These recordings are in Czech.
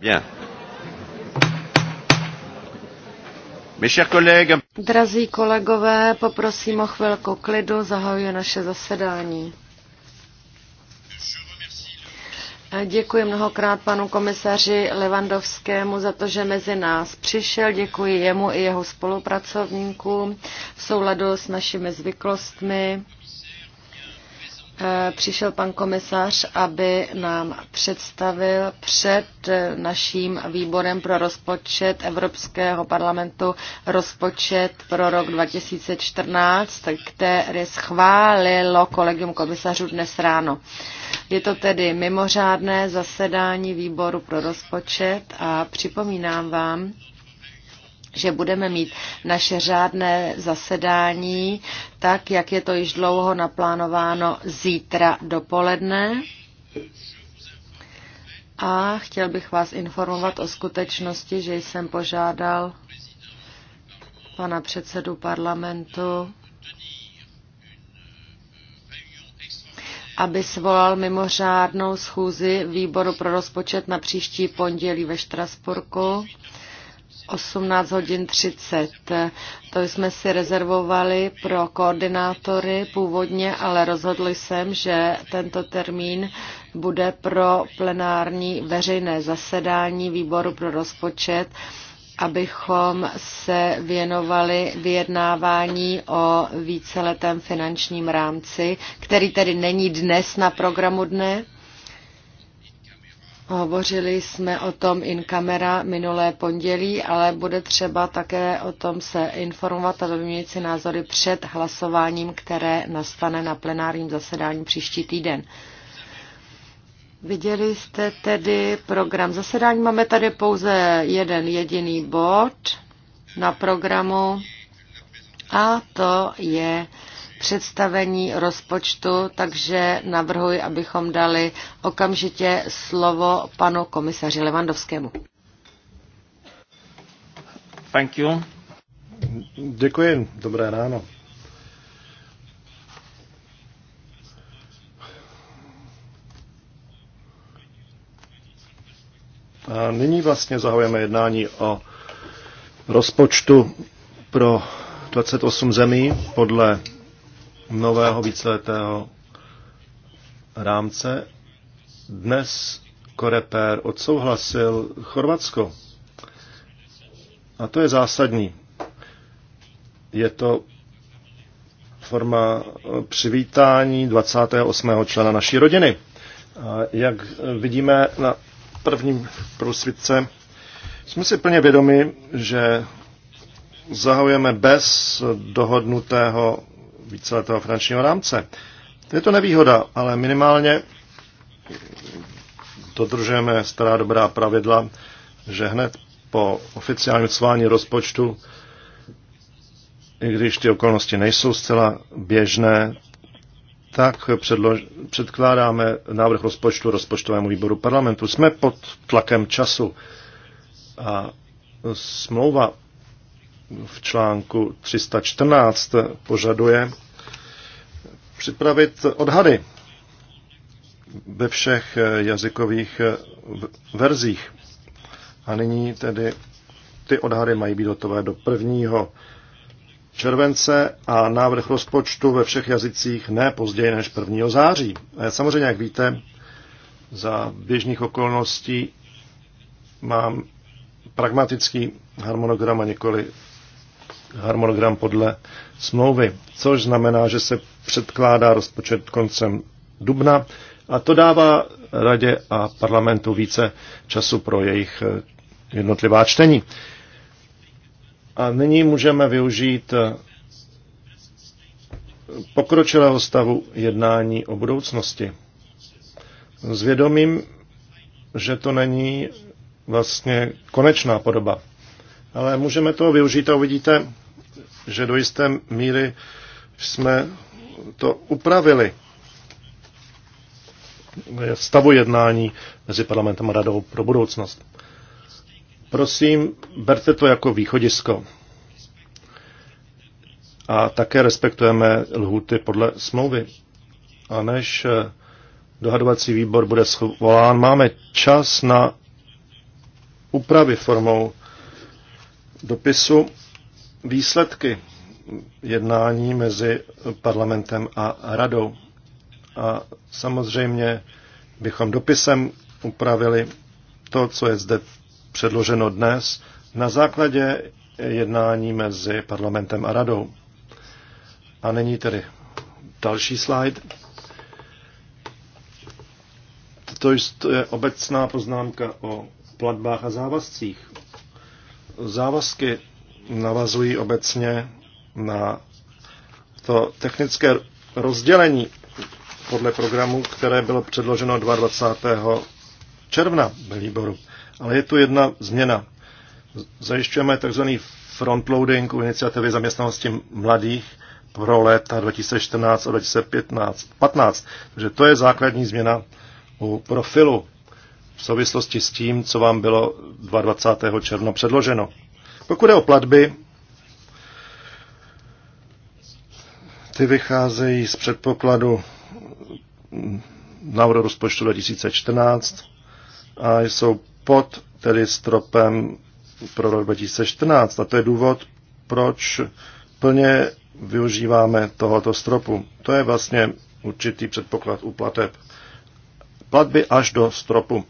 Bien. Drazí kolegové, poprosím o chvilku klidu, zahajuje naše zasedání. Děkuji mnohokrát panu komisaři Levandovskému za to, že mezi nás přišel. Děkuji jemu i jeho spolupracovníkům v souladu s našimi zvyklostmi. Eh, přišel pan komisař, aby nám představil před eh, naším výborem pro rozpočet Evropského parlamentu rozpočet pro rok 2014, který schválilo kolegium komisařů dnes ráno. Je to tedy mimořádné zasedání výboru pro rozpočet a připomínám vám, že budeme mít naše řádné zasedání, tak jak je to již dlouho naplánováno zítra dopoledne. A chtěl bych vás informovat o skutečnosti, že jsem požádal pana předsedu parlamentu, aby svolal mimořádnou schůzi výboru pro rozpočet na příští pondělí ve Štrasburku 18 hodin 30. To jsme si rezervovali pro koordinátory původně, ale rozhodl jsem, že tento termín bude pro plenární veřejné zasedání výboru pro rozpočet abychom se věnovali vyjednávání o víceletém finančním rámci, který tedy není dnes na programu dne, Hovořili jsme o tom in camera minulé pondělí, ale bude třeba také o tom se informovat a vyměnit si názory před hlasováním, které nastane na plenárním zasedání příští týden. Viděli jste tedy program zasedání. Máme tady pouze jeden jediný bod na programu a to je představení rozpočtu, takže navrhuji, abychom dali okamžitě slovo panu komisaři Levandovskému. Thank you. Děkuji, dobré ráno. A nyní vlastně zahajujeme jednání o rozpočtu pro 28 zemí podle nového víceletého rámce. Dnes Korepér odsouhlasil Chorvatsko. A to je zásadní. Je to forma přivítání 28. člena naší rodiny. A jak vidíme na prvním prosvitce, jsme si plně vědomi, že zahajujeme bez dohodnutého víceletého finančního rámce. Je to nevýhoda, ale minimálně dodržujeme stará dobrá pravidla, že hned po oficiálním svání rozpočtu, i když ty okolnosti nejsou zcela běžné, tak předlož, předkládáme návrh rozpočtu rozpočtovému výboru parlamentu. Jsme pod tlakem času a smlouva v článku 314 požaduje připravit odhady ve všech jazykových verzích. A nyní tedy ty odhady mají být hotové do 1. července a návrh rozpočtu ve všech jazycích ne později než 1. září. Samozřejmě, jak víte, za běžných okolností mám pragmatický harmonogram a nikoli harmonogram podle smlouvy, což znamená, že se předkládá rozpočet koncem dubna a to dává radě a parlamentu více času pro jejich eh, jednotlivá čtení. A nyní můžeme využít eh, pokročilého stavu jednání o budoucnosti. Zvědomím, že to není vlastně konečná podoba ale můžeme toho využít a uvidíte, že do jisté míry jsme to upravili stavu jednání mezi parlamentem a radou pro budoucnost. Prosím, berte to jako východisko. A také respektujeme lhuty podle smlouvy. A než eh, dohadovací výbor bude schvolán, máme čas na úpravy formou dopisu výsledky jednání mezi parlamentem a radou. A samozřejmě bychom dopisem upravili to, co je zde předloženo dnes, na základě jednání mezi parlamentem a radou. A není tedy další slide. To je obecná poznámka o platbách a závazcích. Závazky navazují obecně na to technické rozdělení podle programu, které bylo předloženo 22. června ve výboru. Ale je tu jedna změna. Zajišťujeme tzv. frontloading u iniciativy zaměstnanosti mladých pro léta 2014 a 2015. 15. Takže to je základní změna u profilu v souvislosti s tím, co vám bylo 22. června předloženo. Pokud je o platby, ty vycházejí z předpokladu návrhu rozpočtu 2014 a jsou pod tedy stropem pro rok 2014. A to je důvod, proč plně využíváme tohoto stropu. To je vlastně určitý předpoklad u plateb. Platby až do stropu.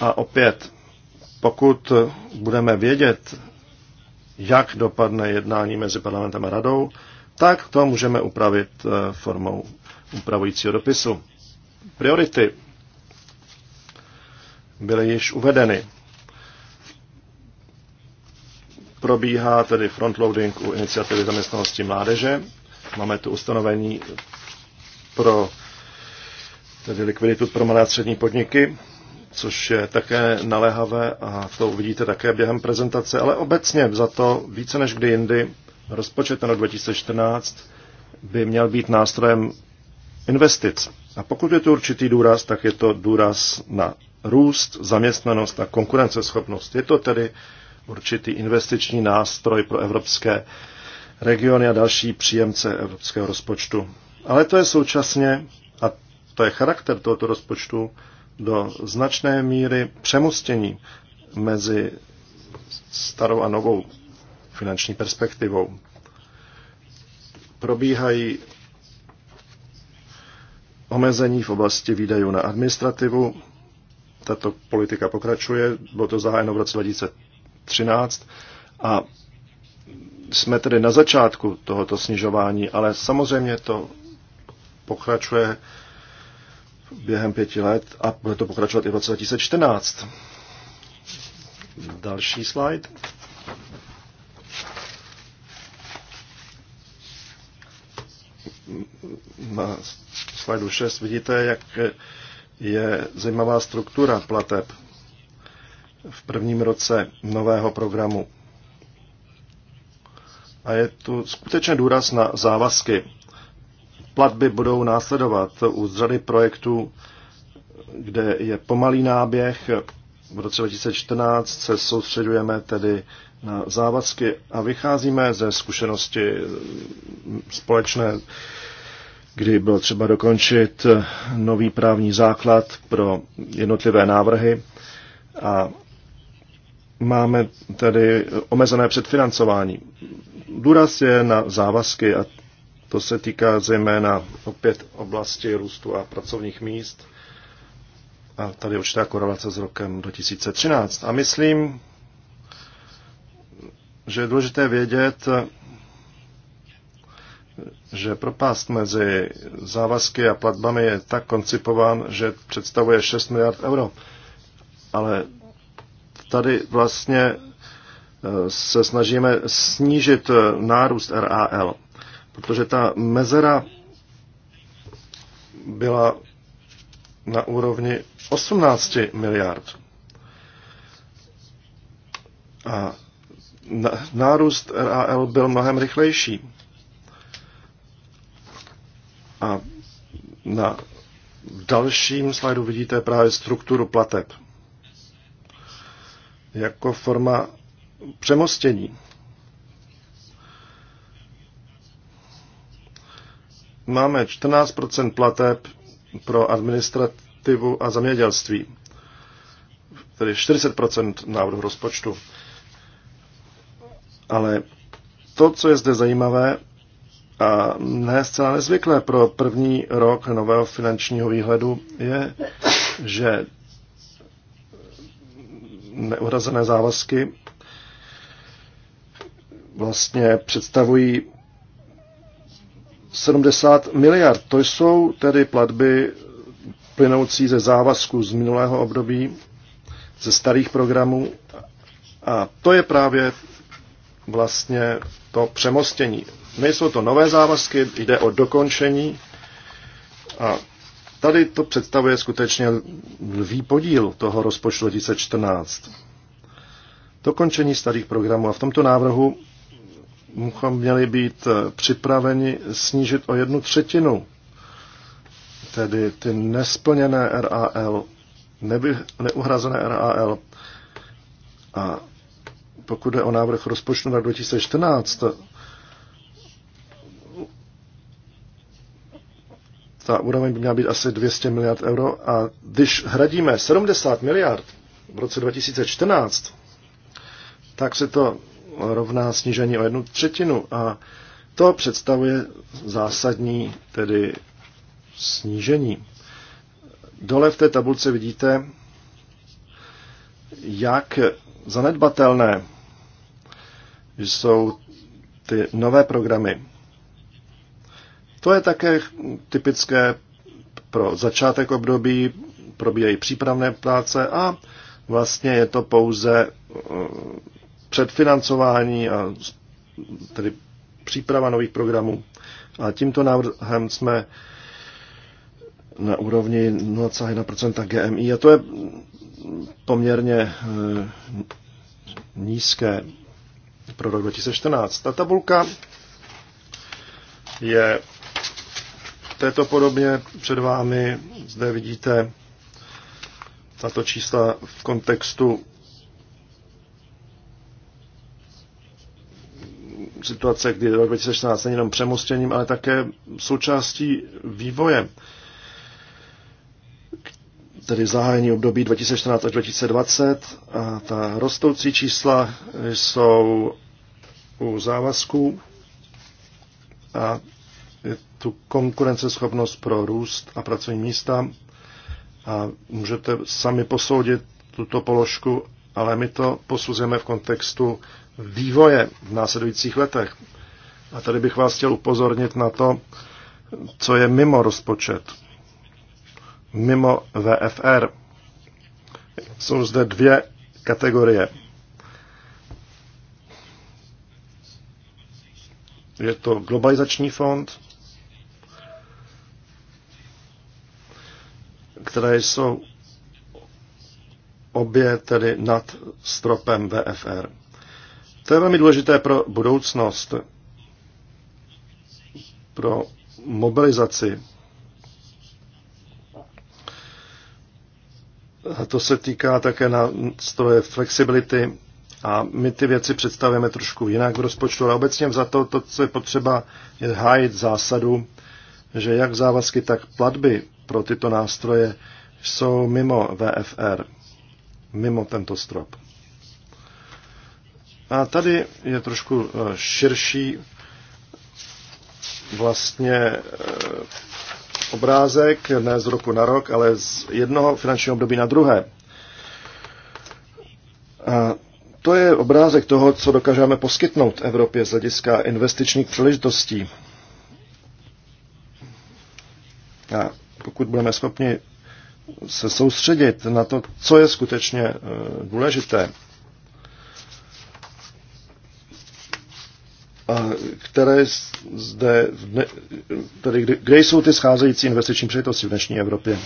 A opět, pokud budeme vědět, jak dopadne jednání mezi parlamentem a radou, tak to můžeme upravit eh, formou upravujícího dopisu. Priority byly již uvedeny. Probíhá tedy frontloading u iniciativy zaměstnanosti mládeže. Máme tu ustanovení pro tedy likviditu pro malé a střední podniky což je také naléhavé a to uvidíte také během prezentace, ale obecně za to více než kdy jindy rozpočet na 2014 by měl být nástrojem investic. A pokud je to určitý důraz, tak je to důraz na růst, zaměstnanost a konkurenceschopnost. Je to tedy určitý investiční nástroj pro evropské regiony a další příjemce evropského rozpočtu. Ale to je současně, a to je charakter tohoto rozpočtu, do značné míry přemostění mezi starou a novou finanční perspektivou. Probíhají omezení v oblasti výdajů na administrativu. Tato politika pokračuje, bylo to zahájeno v roce 2013 a jsme tedy na začátku tohoto snižování, ale samozřejmě to pokračuje během pěti let a bude to pokračovat i v roce 2014. Další slide. Na slajdu 6 vidíte, jak je zajímavá struktura plateb v prvním roce nového programu. A je tu skutečně důraz na závazky platby budou následovat u řady projektů, kde je pomalý náběh. V roce 2014 se soustředujeme tedy na závazky a vycházíme ze zkušenosti společné, kdy bylo třeba dokončit nový právní základ pro jednotlivé návrhy a máme tedy omezené předfinancování. Důraz je na závazky a to se týká zejména opět oblasti růstu a pracovních míst. A tady určitá korelace s rokem 2013. A myslím, že je důležité vědět, že propast mezi závazky a platbami je tak koncipován, že představuje 6 miliard euro. Ale tady vlastně eh, se snažíme snížit eh, nárůst RAL protože ta mezera byla na úrovni 18 miliard. A nárůst RAL byl mnohem rychlejší. A na dalším slajdu vidíte právě strukturu plateb jako forma přemostění. máme 14 plateb pro administrativu a zemědělství, tedy 40 návrhu rozpočtu. Ale to, co je zde zajímavé a ne zcela nezvyklé pro první rok nového finančního výhledu, je, že neuhrazené závazky vlastně představují 70 miliard. To jsou tedy platby plynoucí ze závazků z minulého období, ze starých programů. A to je právě vlastně to přemostění. Nejsou to nové závazky, jde o dokončení. A tady to představuje skutečně lvý podíl toho rozpočtu 2014. Dokončení starých programů. A v tomto návrhu měli být eh, připraveni snížit o jednu třetinu, tedy ty nesplněné RAL, neby, neuhrazené RAL. A pokud je o návrh rozpočtu na 2014, ta úroveň by měla být asi 200 miliard euro a když hradíme 70 miliard v roce 2014, tak se to rovná snížení o jednu třetinu a to představuje zásadní tedy snížení. Dole v té tabulce vidíte, jak zanedbatelné jsou ty nové programy. To je také typické pro začátek období, probíhají přípravné práce a vlastně je to pouze předfinancování a tedy příprava nových programů. A tímto návrhem jsme na úrovni 0,1% GMI a to je poměrně eh, nízké pro rok 2014. Ta tabulka je této podobně před vámi. Zde vidíte tato čísla v kontextu situace, kdy rok 2016 není jenom přemostěním, ale také součástí vývoje. Tedy zahájení období 2014 až 2020 a ta rostoucí čísla jsou u závazků a je tu konkurenceschopnost pro růst a pracovní místa a můžete sami posoudit tuto položku, ale my to posuzujeme v kontextu vývoje v následujících letech. A tady bych vás chtěl upozornit na to, co je mimo rozpočet, mimo VFR. Jsou zde dvě kategorie. Je to globalizační fond, které jsou obě tedy nad stropem VFR. To je velmi důležité pro budoucnost, pro mobilizaci. A to se týká také na stroje flexibility a my ty věci představujeme trošku jinak v rozpočtu, ale obecně za to, to co je potřeba, je hájit zásadu, že jak závazky, tak platby pro tyto nástroje jsou mimo VFR, mimo tento strop. A tady je trošku e, širší vlastně e, obrázek, ne z roku na rok, ale z jednoho finančního období na druhé. A to je obrázek toho, co dokážeme poskytnout Evropě z hlediska investičních příležitostí. A pokud budeme schopni se soustředit na to, co je skutečně e, důležité, které zde, tedy kde, kde jsou ty scházející investiční příležitosti v dnešní Evropě?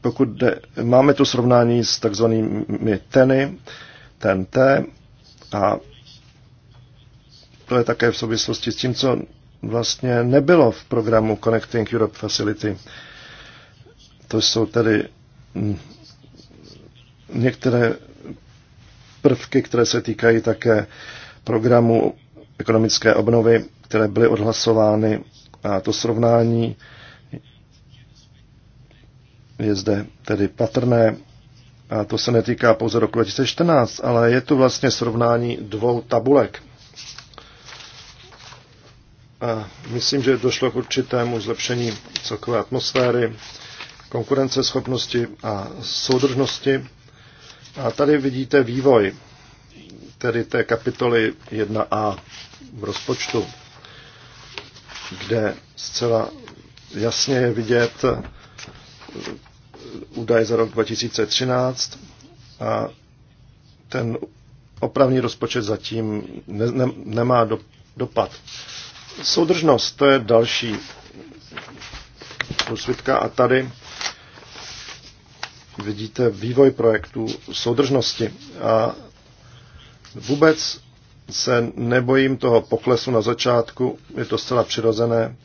Pokud jde, máme tu srovnání s takzvanými TENy, TNT, a to je také v souvislosti s tím, co vlastně nebylo v programu Connecting Europe Facility. To jsou tedy hm, některé prvky, které se týkají také programu ekonomické obnovy, které byly odhlasovány a to srovnání je zde tedy patrné. A to se netýká pouze roku 2014, ale je to vlastně srovnání dvou tabulek. A myslím, že došlo k určitému zlepšení celkové atmosféry, konkurenceschopnosti a soudržnosti a tady vidíte vývoj, tedy té kapitoly 1a v rozpočtu, kde zcela jasně je vidět eh, údaj za rok 2013 a ten opravní rozpočet zatím ne, ne, nemá do, dopad. Soudržnost, to je další průsvitka a tady vidíte vývoj projektu soudržnosti a vůbec se nebojím toho poklesu na začátku, je to zcela přirozené.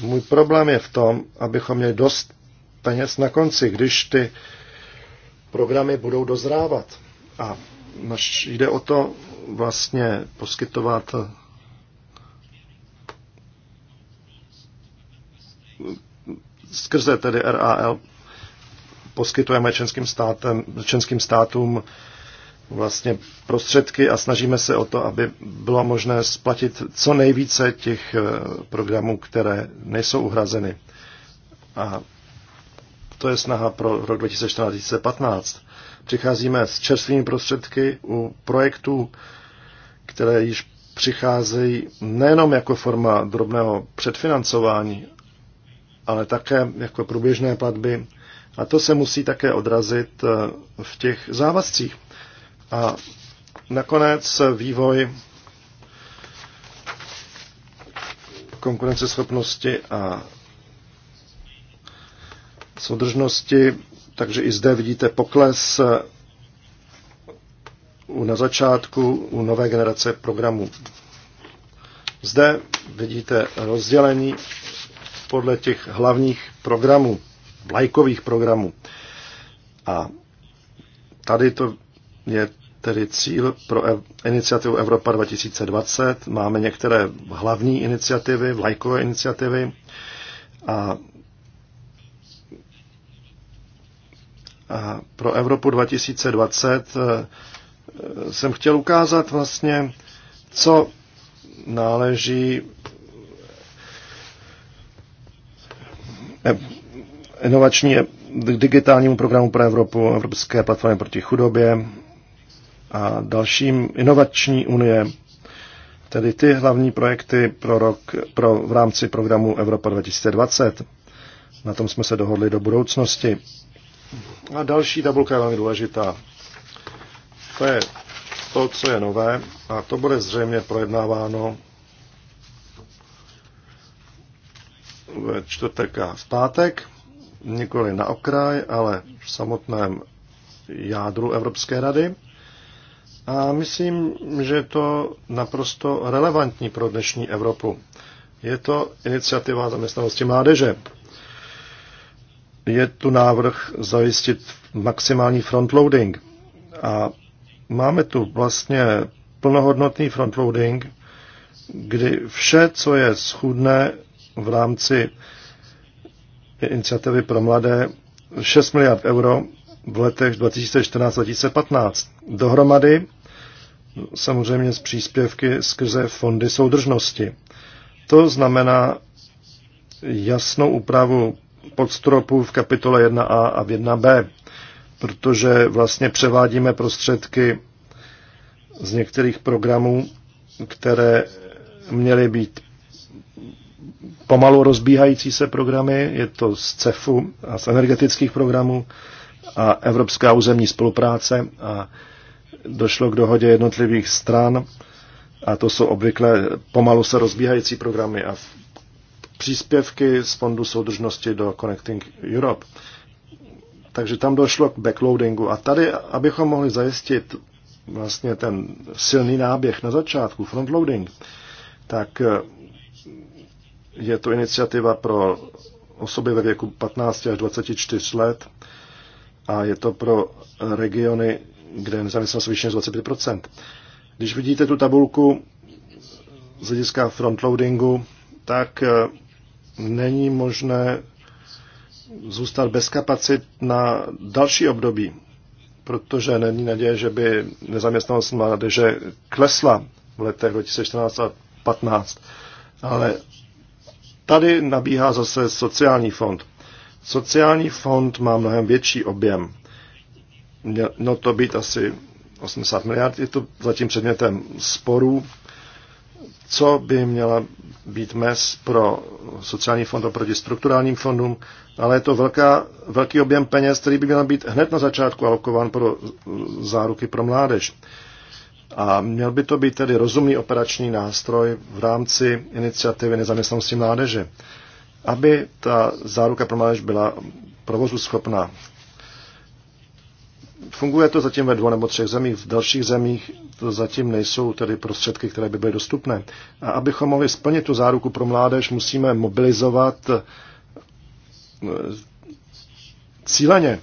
Můj problém je v tom, abychom měli dost peněz na konci, když ty programy budou dozrávat. A jde o to vlastně poskytovat skrze tedy RAL poskytujeme členským, státem, členským státům vlastně prostředky a snažíme se o to, aby bylo možné splatit co nejvíce těch eh, programů, které nejsou uhrazeny. A to je snaha pro rok 2014-2015. Přicházíme s čerstvými prostředky u projektů, které již přicházejí nejenom jako forma drobného předfinancování, ale také jako průběžné platby a to se musí také odrazit eh, v těch závazcích. A nakonec vývoj konkurenceschopnosti a soudržnosti, takže i zde vidíte pokles eh, u na začátku u nové generace programů. Zde vidíte rozdělení podle těch hlavních programů vlajkových programů. A tady to je tedy cíl pro iniciativu Evropa 2020. Máme některé hlavní iniciativy, vlajkové iniciativy a, a pro Evropu 2020 eh, jsem chtěl ukázat vlastně, co náleží eh, inovační digitálnímu programu pro Evropu, Evropské platformy proti chudobě a dalším inovační unie, tedy ty hlavní projekty pro rok pro, v rámci programu Evropa 2020. Na tom jsme se dohodli do budoucnosti. A další tabulka je velmi důležitá. To je to, co je nové a to bude zřejmě projednáváno ve čtvrtek a v pátek nikoli na okraj, ale v samotném jádru Evropské rady. A myslím, že je to naprosto relevantní pro dnešní Evropu. Je to iniciativa zaměstnanosti mládeže. Je tu návrh zajistit maximální frontloading. A máme tu vlastně plnohodnotný frontloading, kdy vše, co je schůdné v rámci iniciativy pro mladé 6 miliard euro v letech 2014-2015. Dohromady samozřejmě z příspěvky skrze fondy soudržnosti. To znamená jasnou úpravu podstropů v kapitole 1a a v 1b, protože vlastně převádíme prostředky z některých programů, které měly být pomalu rozbíhající se programy, je to z CEFu a z energetických programů a Evropská územní spolupráce a došlo k dohodě jednotlivých stran a to jsou obvykle pomalu se rozbíhající programy a příspěvky z Fondu soudržnosti do Connecting Europe. Takže tam došlo k backloadingu a tady, abychom mohli zajistit vlastně ten silný náběh na začátku, frontloading, tak je to iniciativa pro osoby ve věku 15 až 24 let a je to pro regiony, kde nezaměstnanost vyšší než 25 Když vidíte tu tabulku z hlediska frontloadingu, tak eh, není možné zůstat bez kapacit na další období, protože není naděje, že by nezaměstnanost mládeže klesla v letech 2014 a 2015. Ale Tady nabíhá zase sociální fond. Sociální fond má mnohem větší objem. no to být asi 80 miliard, je to zatím předmětem sporů. Co by měla být mes pro sociální fond oproti strukturálním fondům, ale je to velká, velký objem peněz, který by měl být hned na začátku alokován pro záruky pro mládež. A měl by to být tedy rozumný operační nástroj v rámci iniciativy nezaměstnanosti mládeže, aby ta záruka pro mládež byla provozu schopná. Funguje to zatím ve dvou nebo třech zemích, v dalších zemích to zatím nejsou tedy prostředky, které by byly dostupné. A abychom mohli splnit tu záruku pro mládež, musíme mobilizovat eh, cíleně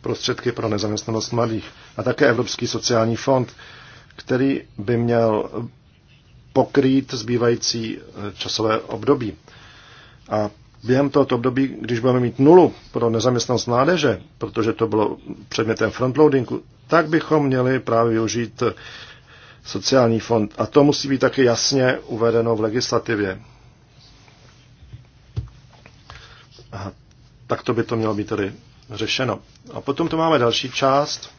prostředky pro nezaměstnanost mladých a také Evropský sociální fond, který by měl pokrýt zbývající eh, časové období. A během tohoto období, když budeme mít nulu pro nezaměstnanost mládeže, protože to bylo předmětem frontloadingu, tak bychom měli právě využít eh, sociální fond. A to musí být také jasně uvedeno v legislativě. A tak to by to mělo být tedy řešeno. A potom tu máme další část,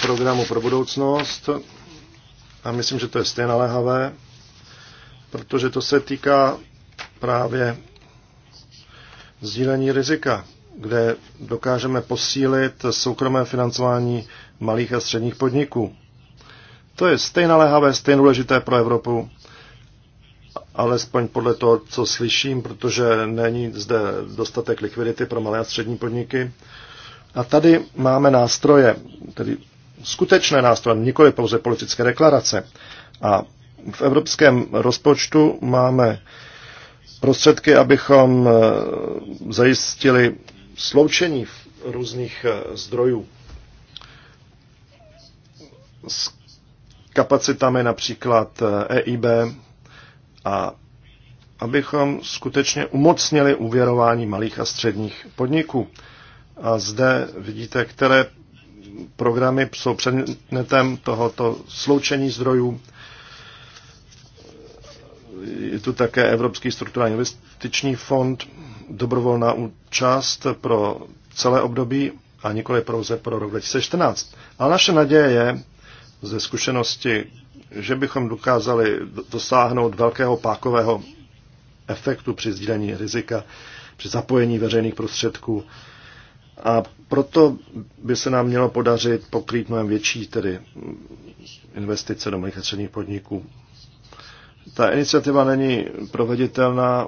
programu pro budoucnost a myslím, že to je stejně naléhavé, protože to se týká právě sdílení rizika, kde dokážeme posílit soukromé financování malých a středních podniků. To je stejně naléhavé, stejně důležité pro Evropu, alespoň podle toho, co slyším, protože není zde dostatek likvidity pro malé a střední podniky. A tady máme nástroje, tedy skutečné nástroje, nikoli pouze politické deklarace. A v evropském rozpočtu máme prostředky, abychom eh, zajistili sloučení různých eh, zdrojů s kapacitami například EIB eh, e a abychom skutečně umocnili uvěrování malých a středních podniků. A zde vidíte, které programy jsou předmětem tohoto sloučení zdrojů. Je tu také Evropský strukturální investiční fond, dobrovolná účast pro celé období a nikoli pouze pro rok 2014. Ale naše naděje je ze zkušenosti, že bychom dokázali dosáhnout velkého pákového efektu při sdílení rizika, při zapojení veřejných prostředků a proto by se nám mělo podařit pokrýt mnohem větší tedy investice do malých a středních podniků. Ta iniciativa není proveditelná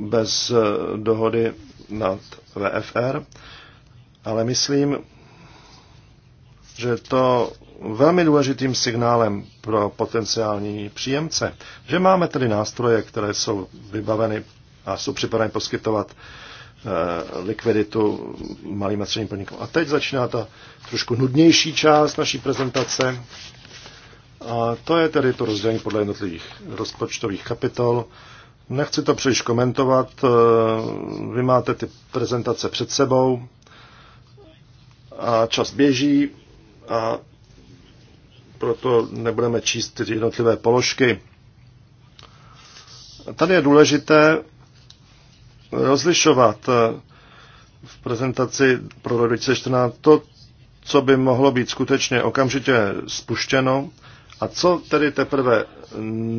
bez eh, dohody nad VFR, ale myslím, že je to velmi důležitým signálem pro potenciální příjemce, že máme tedy nástroje, které jsou vybaveny a jsou připraveny poskytovat Eh, likviditu malým a středním podnikům. A teď začíná ta trošku nudnější část naší prezentace. A to je tedy to rozdělení podle jednotlivých rozpočtových kapitol. Nechci to příliš komentovat, eh, vy máte ty prezentace před sebou a čas běží a proto nebudeme číst ty jednotlivé položky. Tady je důležité rozlišovat eh, v prezentaci pro rok 2014 to, co by mohlo být skutečně okamžitě spuštěno a co tedy teprve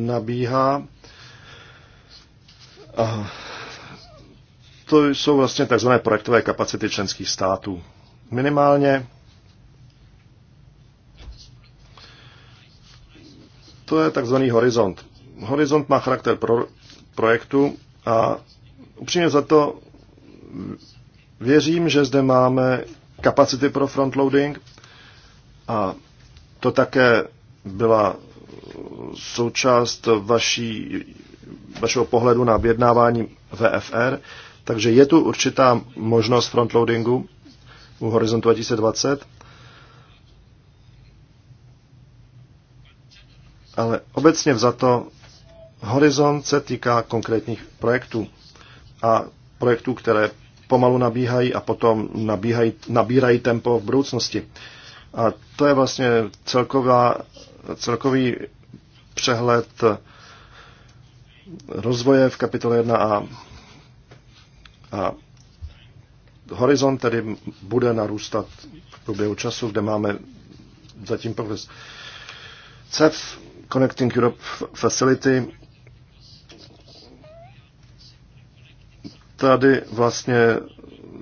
nabíhá. A to jsou vlastně tzv. projektové kapacity členských států. Minimálně to je tzv. horizont. Horizont má charakter pro projektu a Upřímně za to věřím, že zde máme kapacity pro frontloading a to také byla součást vaší, vašeho pohledu na vyjednávání VFR, takže je tu určitá možnost frontloadingu u Horizontu 2020, ale obecně vzato Horizont se týká konkrétních projektů a projektů, které pomalu nabíhají a potom nabíhají, nabírají tempo v budoucnosti. A to je vlastně celková, celkový přehled rozvoje v kapitole 1a. A horizont tedy bude narůstat v průběhu času, kde máme zatím progres. CEF Connecting Europe Facility tady vlastně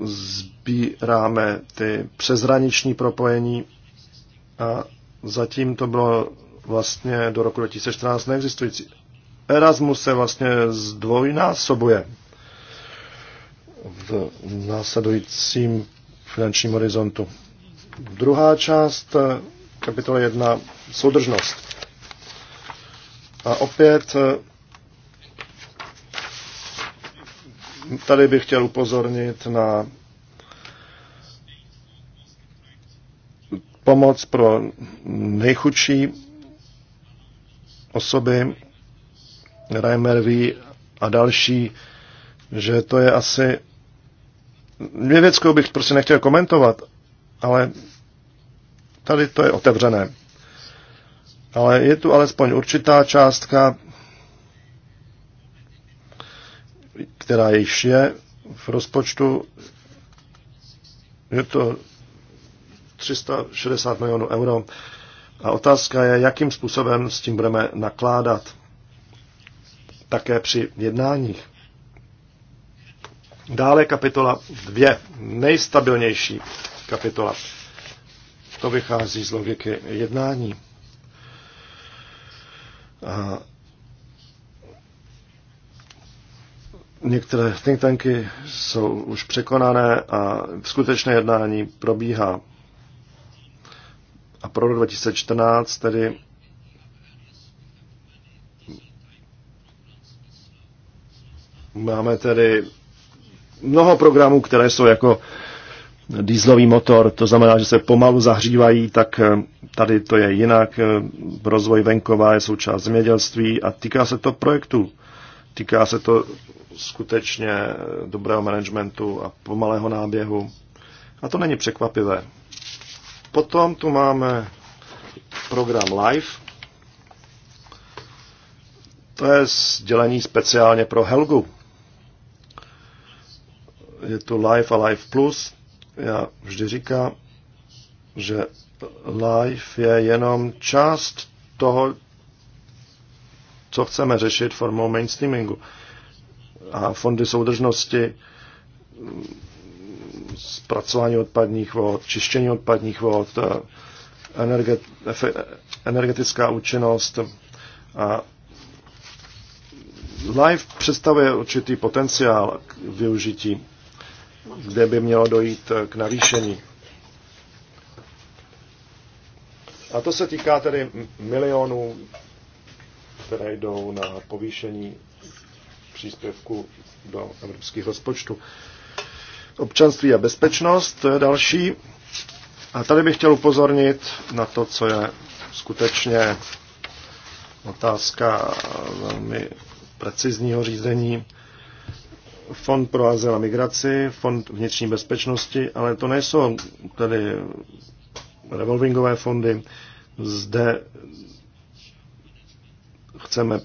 zbíráme ty přezraniční propojení a zatím to bylo vlastně do roku 2014 neexistující. Erasmus se vlastně zdvojnásobuje v následujícím finančním horizontu. Druhá část kapitola 1 soudržnost. A opět Tady bych chtěl upozornit na pomoc pro nejchudší osoby, Reimer v a další, že to je asi věc, bych prostě nechtěl komentovat, ale tady to je otevřené. Ale je tu alespoň určitá částka, která již je v rozpočtu. Je to 360 milionů euro. A otázka je, jakým způsobem s tím budeme nakládat také při jednáních. Dále kapitola 2, nejstabilnější kapitola. To vychází z logiky jednání. A Některé think tanky jsou už překonané a skutečné jednání probíhá. A pro rok 2014 tedy máme tedy mnoho programů, které jsou jako dýzlový motor, to znamená, že se pomalu zahřívají, tak eh, tady to je jinak. Eh, rozvoj venkova je součást zemědělství a týká se to projektů. Týká se to skutečně dobrého managementu a pomalého náběhu. A to není překvapivé. Potom tu máme program Live. To je sdělení speciálně pro Helgu. Je tu Live a Live Plus. Já vždy říkám, že Live je jenom část toho, co chceme řešit formou mainstreamingu a fondy soudržnosti, zpracování odpadních vod, čištění odpadních vod, energetická účinnost. A LIFE představuje určitý potenciál k využití, kde by mělo dojít k navýšení. A to se týká tedy milionů, které jdou na povýšení příspěvku do evropských rozpočtu. Občanství a bezpečnost, to je další. A tady bych chtěl upozornit na to, co je skutečně otázka velmi precizního řízení. Fond pro azyl a migraci, fond vnitřní bezpečnosti, ale to nejsou tedy revolvingové fondy. Zde chceme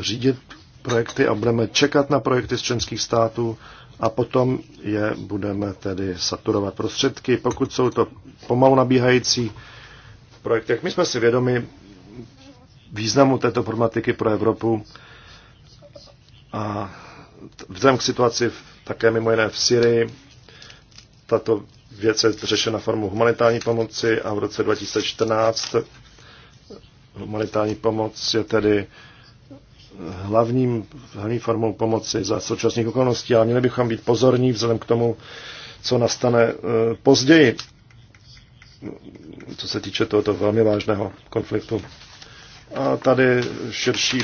řídit projekty a budeme čekat na projekty z členských států a potom je budeme tedy saturovat prostředky, pokud jsou to pomalu nabíhající projekty. My jsme si vědomi významu této problematiky pro Evropu a vzhledem k situaci také mimo jiné v Syrii, tato věc je řešena formou humanitární pomoci a v roce 2014 humanitární pomoc je tedy hlavním, hlavní formou pomoci za současných okolností, ale měli bychom být pozorní vzhledem k tomu, co nastane eh, později, co se týče tohoto velmi vážného konfliktu. A tady širší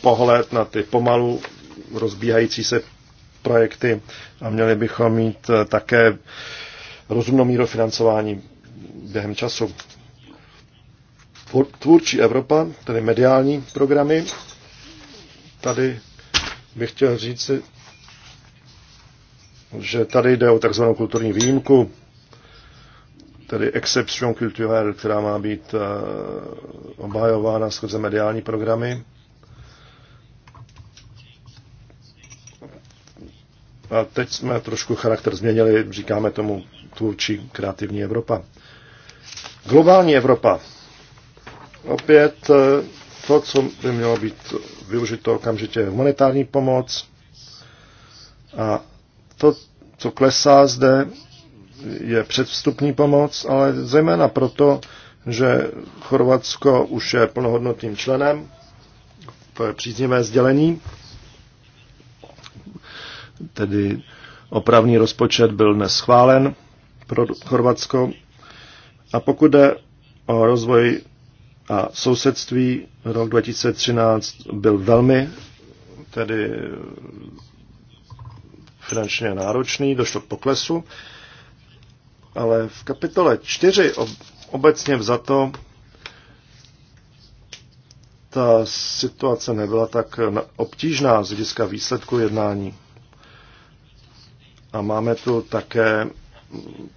pohled na ty pomalu rozbíhající se projekty a měli bychom mít eh, také rozumnou míru financování během času. Tvůrčí Evropa, tedy mediální programy. Tady bych chtěl říct, že tady jde o takzvanou kulturní výjimku, tedy exception culturelle, která má být eh, obhajována skrze mediální programy. A teď jsme trošku charakter změnili, říkáme tomu tvůrčí kreativní Evropa. Globální Evropa. Opět eh, to, co by mělo být využito okamžitě, je humanitární pomoc. A to, co klesá zde, je předvstupní pomoc, ale zejména proto, že Chorvatsko už je plnohodnotným členem. To je příznivé sdělení. Tedy opravný rozpočet byl dnes schválen pro Chorvatsko. A pokud jde o rozvoj a sousedství. Rok 2013 byl velmi tedy finančně náročný, došlo k poklesu, ale v kapitole 4 obecně vzato ta situace nebyla tak obtížná z hlediska výsledku jednání. A máme tu také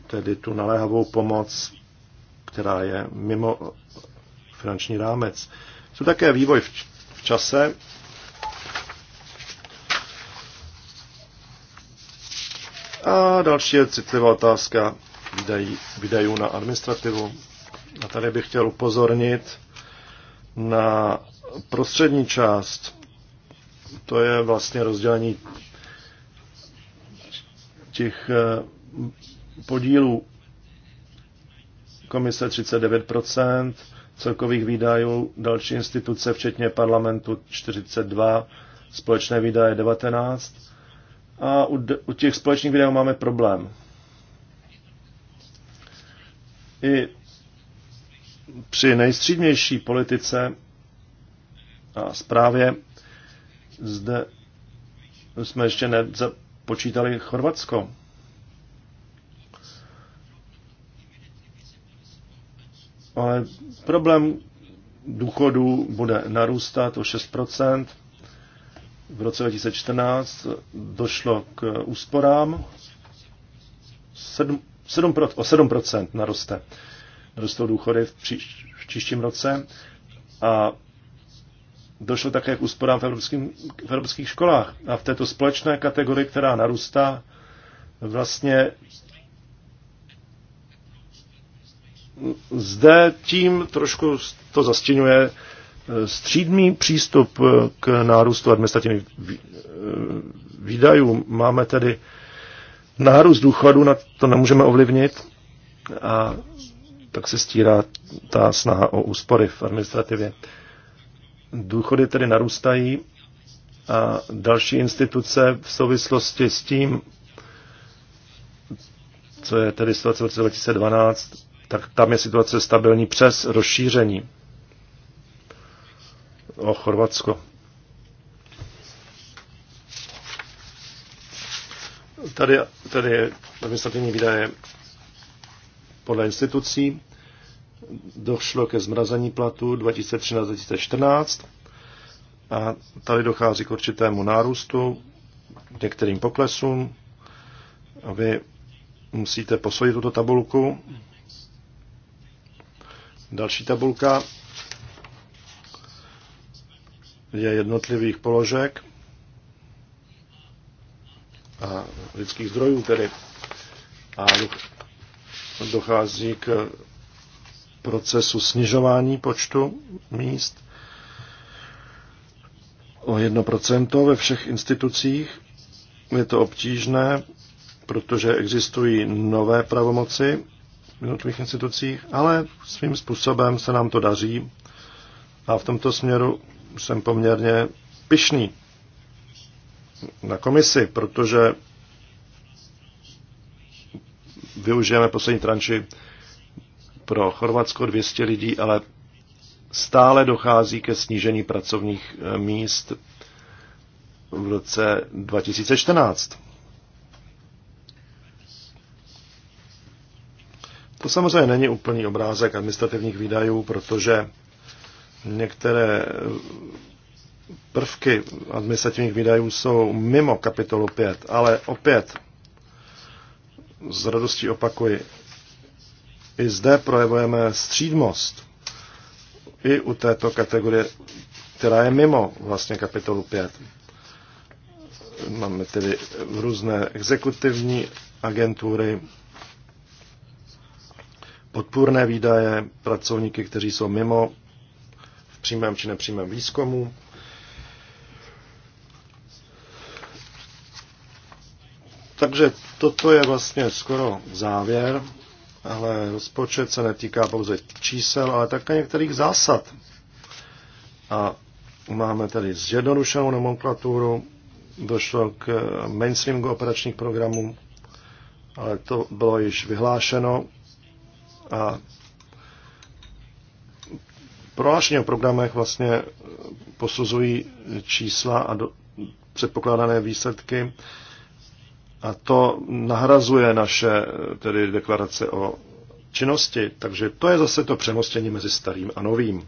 tedy tu naléhavou pomoc, která je mimo finanční rámec. Co také vývoj v, v čase. A další je citlivá otázka výdají, výdajů na administrativu. A tady bych chtěl upozornit na prostřední část. To je vlastně rozdělení těch eh, podílů komise 39%, celkových výdajů další instituce, včetně parlamentu 42, společné výdaje 19. A u, u těch společných výdajů máme problém. I při nejstřídnější politice a zprávě zde jsme ještě nezapočítali Chorvatsko. ale problém důchodů bude narůstat o 6%. V roce 2014 došlo k úsporám 7, 7, o 7% naroste. Narostou důchody v, příš, v příštím roce a došlo také k úsporám v, evropským, v evropských školách. A v této společné kategorii, která narůstá, vlastně zde tím trošku to zastínuje eh, střídný přístup eh, k nárůstu administrativních eh, výdajů. Máme tedy nárůst důchodu, na to nemůžeme ovlivnit a tak se stírá ta snaha o úspory v administrativě. Důchody tedy narůstají a další instituce v souvislosti s tím, co je tedy situace v roce 2012, tak tam je situace stabilní přes rozšíření o Chorvatsko. Tady, tady je administrativní výdaje podle institucí. Došlo ke zmrazení platu 2013-2014 a tady dochází k určitému nárůstu, k některým poklesům. Vy musíte posoudit tuto tabulku Další tabulka je jednotlivých položek a lidských zdrojů tedy. A dochází k procesu snižování počtu míst o 1% ve všech institucích. Je to obtížné, protože existují nové pravomoci jednotlivých institucích, ale svým způsobem se nám to daří a v tomto směru jsem poměrně pyšný na komisi, protože využijeme poslední tranči pro Chorvatsko 200 lidí, ale stále dochází ke snížení pracovních eh, míst v roce 2014. To samozřejmě není úplný obrázek administrativních výdajů, protože některé prvky administrativních výdajů jsou mimo kapitolu 5, ale opět s radostí opakuji, i zde projevujeme střídmost i u této kategorie, která je mimo vlastně kapitolu 5. Máme tedy různé exekutivní agentury, podpůrné výdaje, pracovníky, kteří jsou mimo v přímém či nepřímém výzkumu. Takže toto je vlastně skoro závěr, ale rozpočet se netýká pouze čísel, ale také některých zásad. A máme tady zjednodušenou nomenklaturu, došlo k mainstreamu operačních programů, ale to bylo již vyhlášeno a prohlášení o programech vlastně posuzují čísla a do, předpokládané výsledky a to nahrazuje naše tedy deklarace o činnosti, takže to je zase to přemostění mezi starým a novým.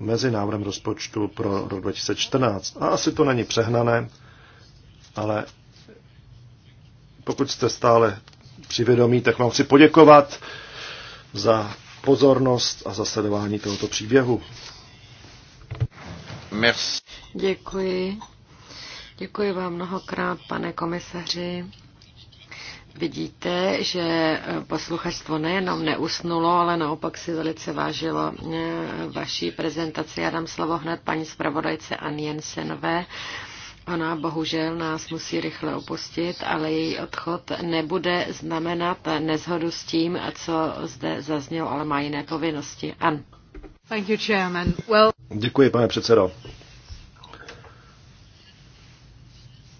Mezi návrhem rozpočtu pro rok 2014. A asi to není přehnané, ale pokud jste stále při vědomí, tak vám chci poděkovat za pozornost a za sledování tohoto příběhu. Merci. Děkuji. Děkuji vám mnohokrát, pane komisaři. Vidíte, že posluchačstvo nejenom neusnulo, ale naopak si velice vážilo eh, vaší prezentaci. Já dám slovo hned paní zpravodajce Ann Jensenové Ona bohužel nás musí rychle opustit, ale její odchod nebude znamenat nezhodu s tím, co zde zaznělo, ale má jiné povinnosti. An. Thank you, chairman. Well... Děkuji, pane předsedo.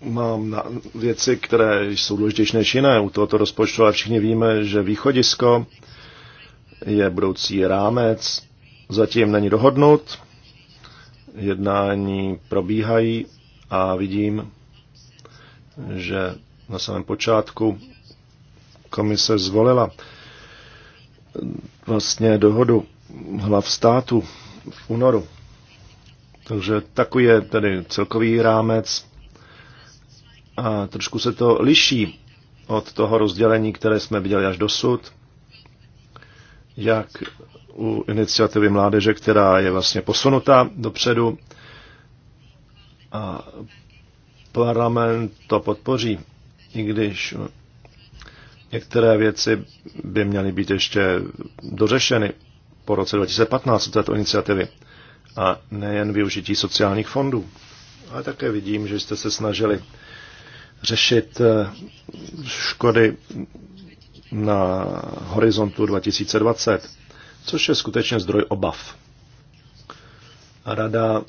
Mám na věci, které jsou důležitější než jiné u tohoto rozpočtu, ale všichni víme, že východisko je budoucí rámec, zatím není dohodnut, jednání probíhají, a vidím, že na samém počátku komise zvolila vlastně dohodu hlav státu v únoru. Takže takový je tedy celkový rámec a trošku se to liší od toho rozdělení, které jsme viděli až dosud, jak u iniciativy mládeže, která je vlastně posunuta dopředu, a parlament to podpoří, i když některé věci by měly být ještě dořešeny po roce 2015 této iniciativy. A nejen využití sociálních fondů. Ale také vidím, že jste se snažili řešit eh, škody na horizontu 2020, což je skutečně zdroj obav. Rada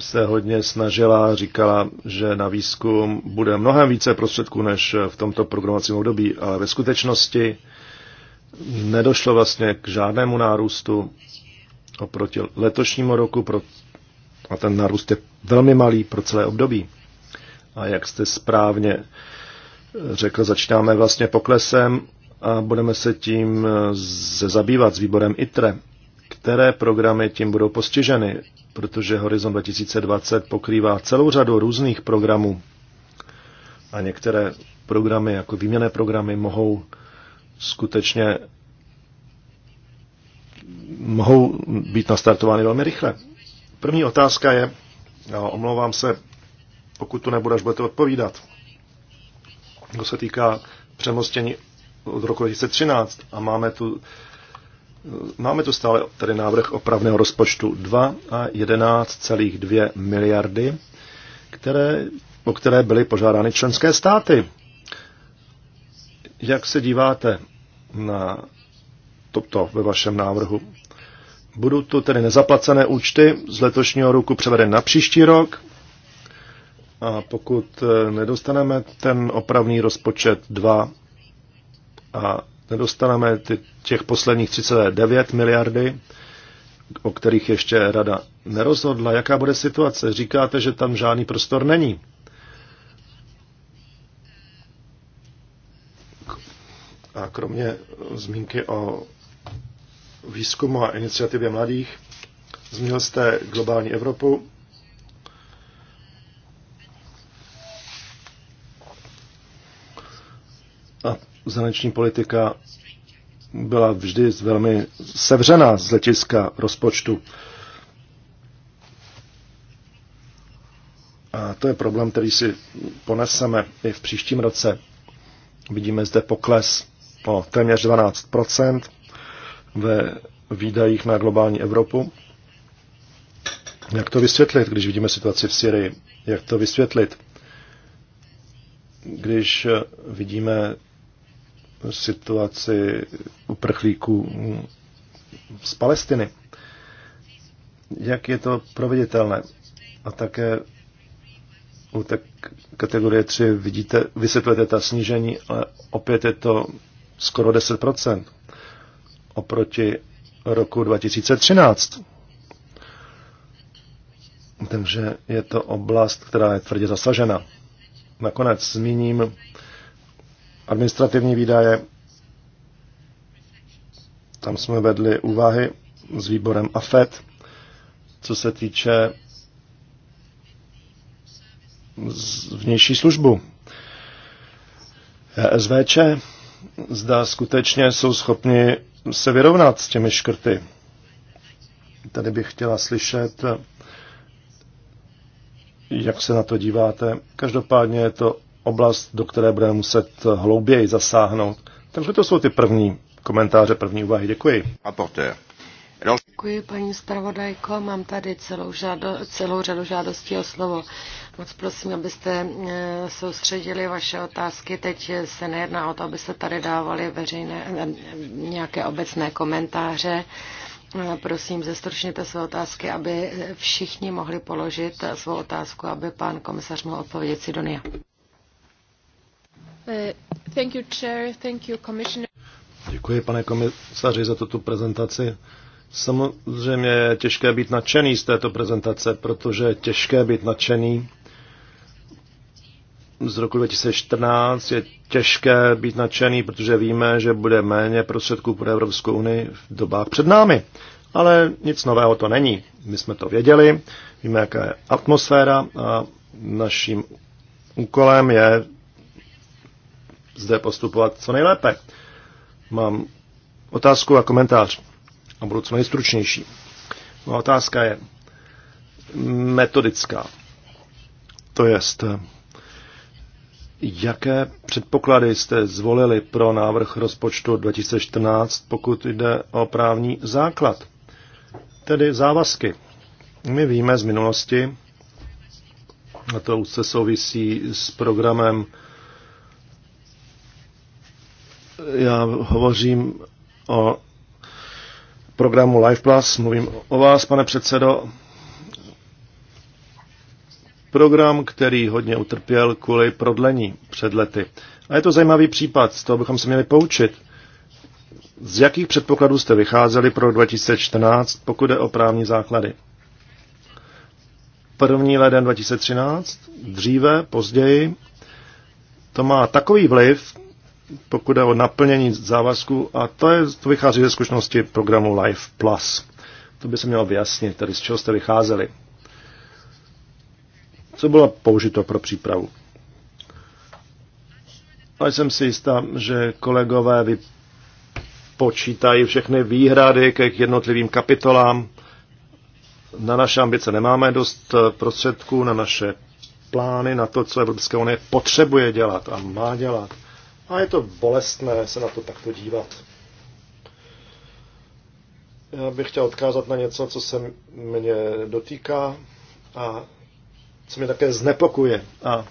se hodně snažila, říkala, že na výzkum bude mnohem více prostředků než v tomto programovacím období, ale ve skutečnosti nedošlo vlastně k žádnému nárůstu oproti letošnímu roku pro, a ten nárůst je velmi malý pro celé období. A jak jste správně řekl, začínáme vlastně poklesem a budeme se tím zabývat s výborem ITRE které programy tím budou postiženy, protože Horizon 2020 pokrývá celou řadu různých programů a některé programy, jako výměné programy, mohou skutečně mohou být nastartovány velmi rychle. První otázka je, já omlouvám se, pokud tu nebude, až budete odpovídat. To se týká přemostění od roku 2013 a máme tu Máme tu stále tady návrh opravného rozpočtu 2 a 11,2 miliardy, které, o které byly požádány členské státy. Jak se díváte na toto ve vašem návrhu? Budou tu tedy nezaplacené účty z letošního roku převedeny na příští rok a pokud nedostaneme ten opravný rozpočet 2 a nedostaneme těch posledních 39 miliardy, o kterých ještě rada nerozhodla. Jaká bude situace? Říkáte, že tam žádný prostor není. A kromě zmínky o výzkumu a iniciativě mladých, zmínil jste globální Evropu zahraniční politika byla vždy velmi sevřená z letiska rozpočtu. A to je problém, který si poneseme i v příštím roce. Vidíme zde pokles o téměř 12 ve výdajích na globální Evropu. Jak to vysvětlit, když vidíme situaci v Syrii? Jak to vysvětlit, když vidíme situaci uprchlíků z Palestiny. Jak je to proveditelné? A také u té kategorie 3 vidíte, vysvětlujete ta snížení, ale opět je to skoro 10% oproti roku 2013. Takže je to oblast, která je tvrdě zasažena. Nakonec zmíním Administrativní výdaje, tam jsme vedli úvahy s výborem AFET, co se týče vnější službu. E SVČ zda skutečně jsou schopni se vyrovnat s těmi škrty. Tady bych chtěla slyšet, jak se na to díváte. Každopádně je to oblast, do které budeme muset hlouběji zasáhnout. Takže to jsou ty první komentáře, první úvahy. Děkuji. Aportér. Děkuji, paní zpravodajko. Mám tady celou, žádo, celou řadu žádostí o slovo. Moc prosím, abyste eh, soustředili vaše otázky. Teď se nejedná o to, aby se tady dávaly veřejné, eh, nějaké obecné komentáře. Eh, prosím, zestručněte své otázky, aby všichni mohli položit svou otázku, aby pan komisař mohl odpovědět Sidonia. Uh, Děkuji, pane komisaři, za tuto prezentaci. Samozřejmě je těžké být nadšený z této prezentace, protože je těžké být nadšený z roku 2014 je těžké být nadšený, protože víme, že bude méně prostředků pro Evropskou unii v dobách před námi. Ale nic nového to není. My jsme to věděli, víme, jaká je atmosféra a naším úkolem je zde postupovat co nejlépe. Mám otázku a komentář a budu co nejstručnější. Má otázka je metodická. To jest, jaké předpoklady jste zvolili pro návrh rozpočtu 2014, pokud jde o právní základ, tedy závazky. My víme z minulosti, a to už se souvisí s programem já hovořím o programu Life Plus, mluvím o vás, pane předsedo. Program, který hodně utrpěl kvůli prodlení před lety. A je to zajímavý případ, z toho bychom se měli poučit. Z jakých předpokladů jste vycházeli pro 2014, pokud jde o právní základy? První leden 2013, dříve, později, to má takový vliv pokud je o naplnění závazku, a to, je, to vychází ze zkušenosti programu Life Plus. To by se mělo vyjasnit, tedy z čeho jste vycházeli. Co bylo použito pro přípravu? A jsem si jistá, že kolegové vypočítají všechny výhrady k jednotlivým kapitolám. Na naše ambice nemáme dost prostředků, na naše plány, na to, co Evropská unie potřebuje dělat a má dělat. A je to bolestné se na to takto dívat. Já bych chtěl odkázat na něco, co se mě dotýká a co mě také znepokuje. A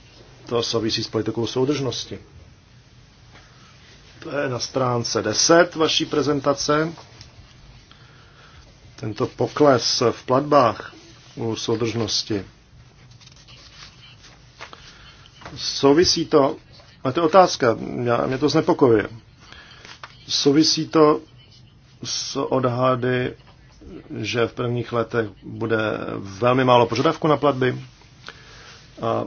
to souvisí s politikou soudržnosti. To je na stránce 10 vaší prezentace. Tento pokles v platbách u soudržnosti. Souvisí to ale to je otázka, já, mě to znepokojuje. Souvisí to s odhady, že v prvních letech bude velmi málo požadavku na platby. A,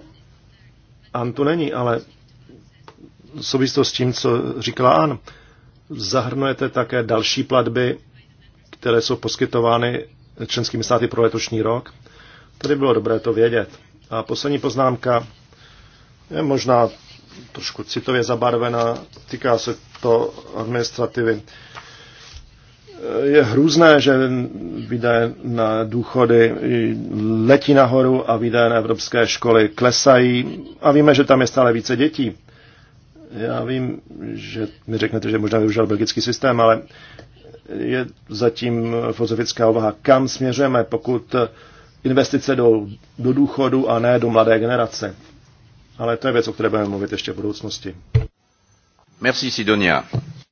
An to není, ale souvisí to s tím, co říkala An. Zahrnujete také další platby, které jsou poskytovány členskými státy pro letošní rok. Tady bylo dobré to vědět. A poslední poznámka je možná trošku citově zabarvena, týká se to administrativy. Je hrůzné, že výdaje na důchody letí nahoru a výdaje na evropské školy klesají a víme, že tam je stále více dětí. Já vím, že mi řeknete, že možná využil belgický systém, ale je zatím filozofická ovaha, kam směřujeme, pokud investice jdou do důchodu a ne do mladé generace ale to je věc, o které budeme mluvit ještě v budoucnosti. Merci Sidonia.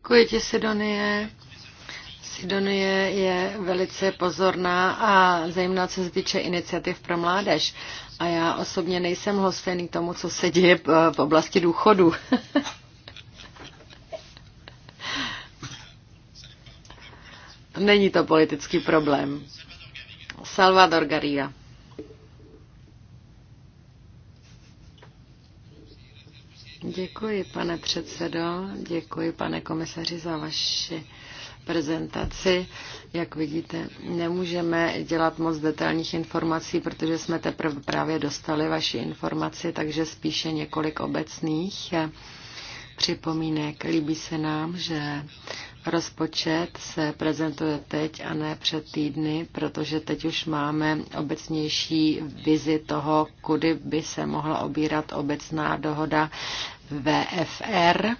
Děkuji ti Sidonie. Sidonie je velice pozorná a zajímavá, co se týče iniciativ pro mládež. A já osobně nejsem hostený k tomu, co se děje v oblasti důchodu. Není to politický problém. Salvador Garriga. Děkuji, pane předsedo, děkuji, pane komisaři, za vaši prezentaci. Jak vidíte, nemůžeme dělat moc detailních informací, protože jsme teprve právě dostali vaši informaci, takže spíše několik obecných připomínek. Líbí se nám, že rozpočet se prezentuje teď a ne před týdny, protože teď už máme obecnější vizi toho, kudy by se mohla obírat obecná dohoda VFR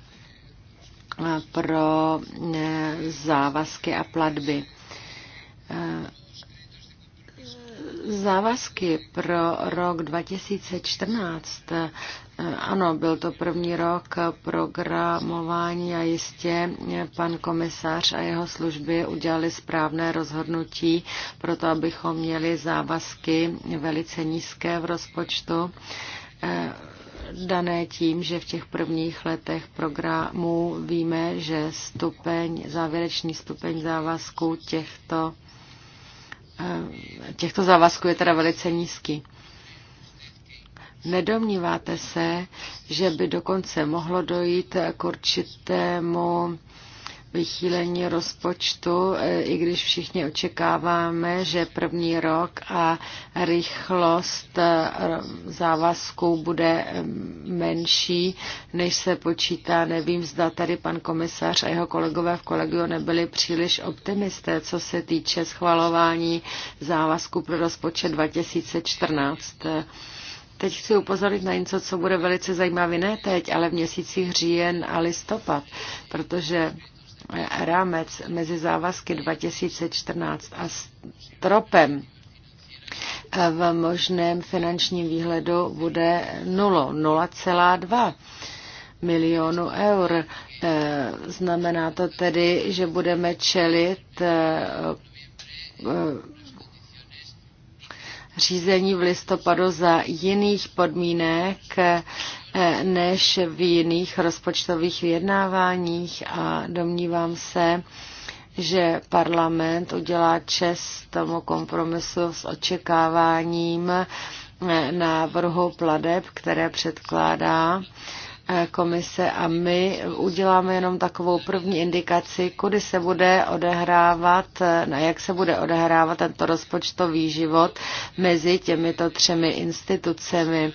pro eh, závazky a platby. Eh, závazky pro rok 2014, eh, ano, byl to první rok programování a jistě pan komisář a jeho služby udělali správné rozhodnutí pro to, abychom měli závazky velice nízké v rozpočtu dané tím, že v těch prvních letech programu víme, že stupeň, závěrečný stupeň závazku těchto, eh, těchto závazků je teda velice nízký. Nedomníváte se, že by dokonce mohlo dojít k určitému vychýlení rozpočtu, i když všichni očekáváme, že první rok a rychlost závazků bude menší, než se počítá. Nevím, zda tady pan komisař a jeho kolegové v kolegiu nebyli příliš optimisté, co se týče schvalování závazků pro rozpočet 2014. Teď chci upozornit na něco, co bude velice zajímavé ne teď, ale v měsících říjen a listopad, protože rámec mezi závazky 2014 a stropem v možném finančním výhledu bude 0,02 0,2 milionu eur. E, znamená to tedy, že budeme čelit e, e, řízení v listopadu za jiných podmínek, E, než v jiných rozpočtových vyjednáváních a domnívám se, že parlament udělá čest tomu kompromisu s očekáváním e, návrhu pladeb, které předkládá e, komise a my uděláme jenom takovou první indikaci, kudy se bude odehrávat, na jak se bude odehrávat tento rozpočtový život mezi těmito třemi institucemi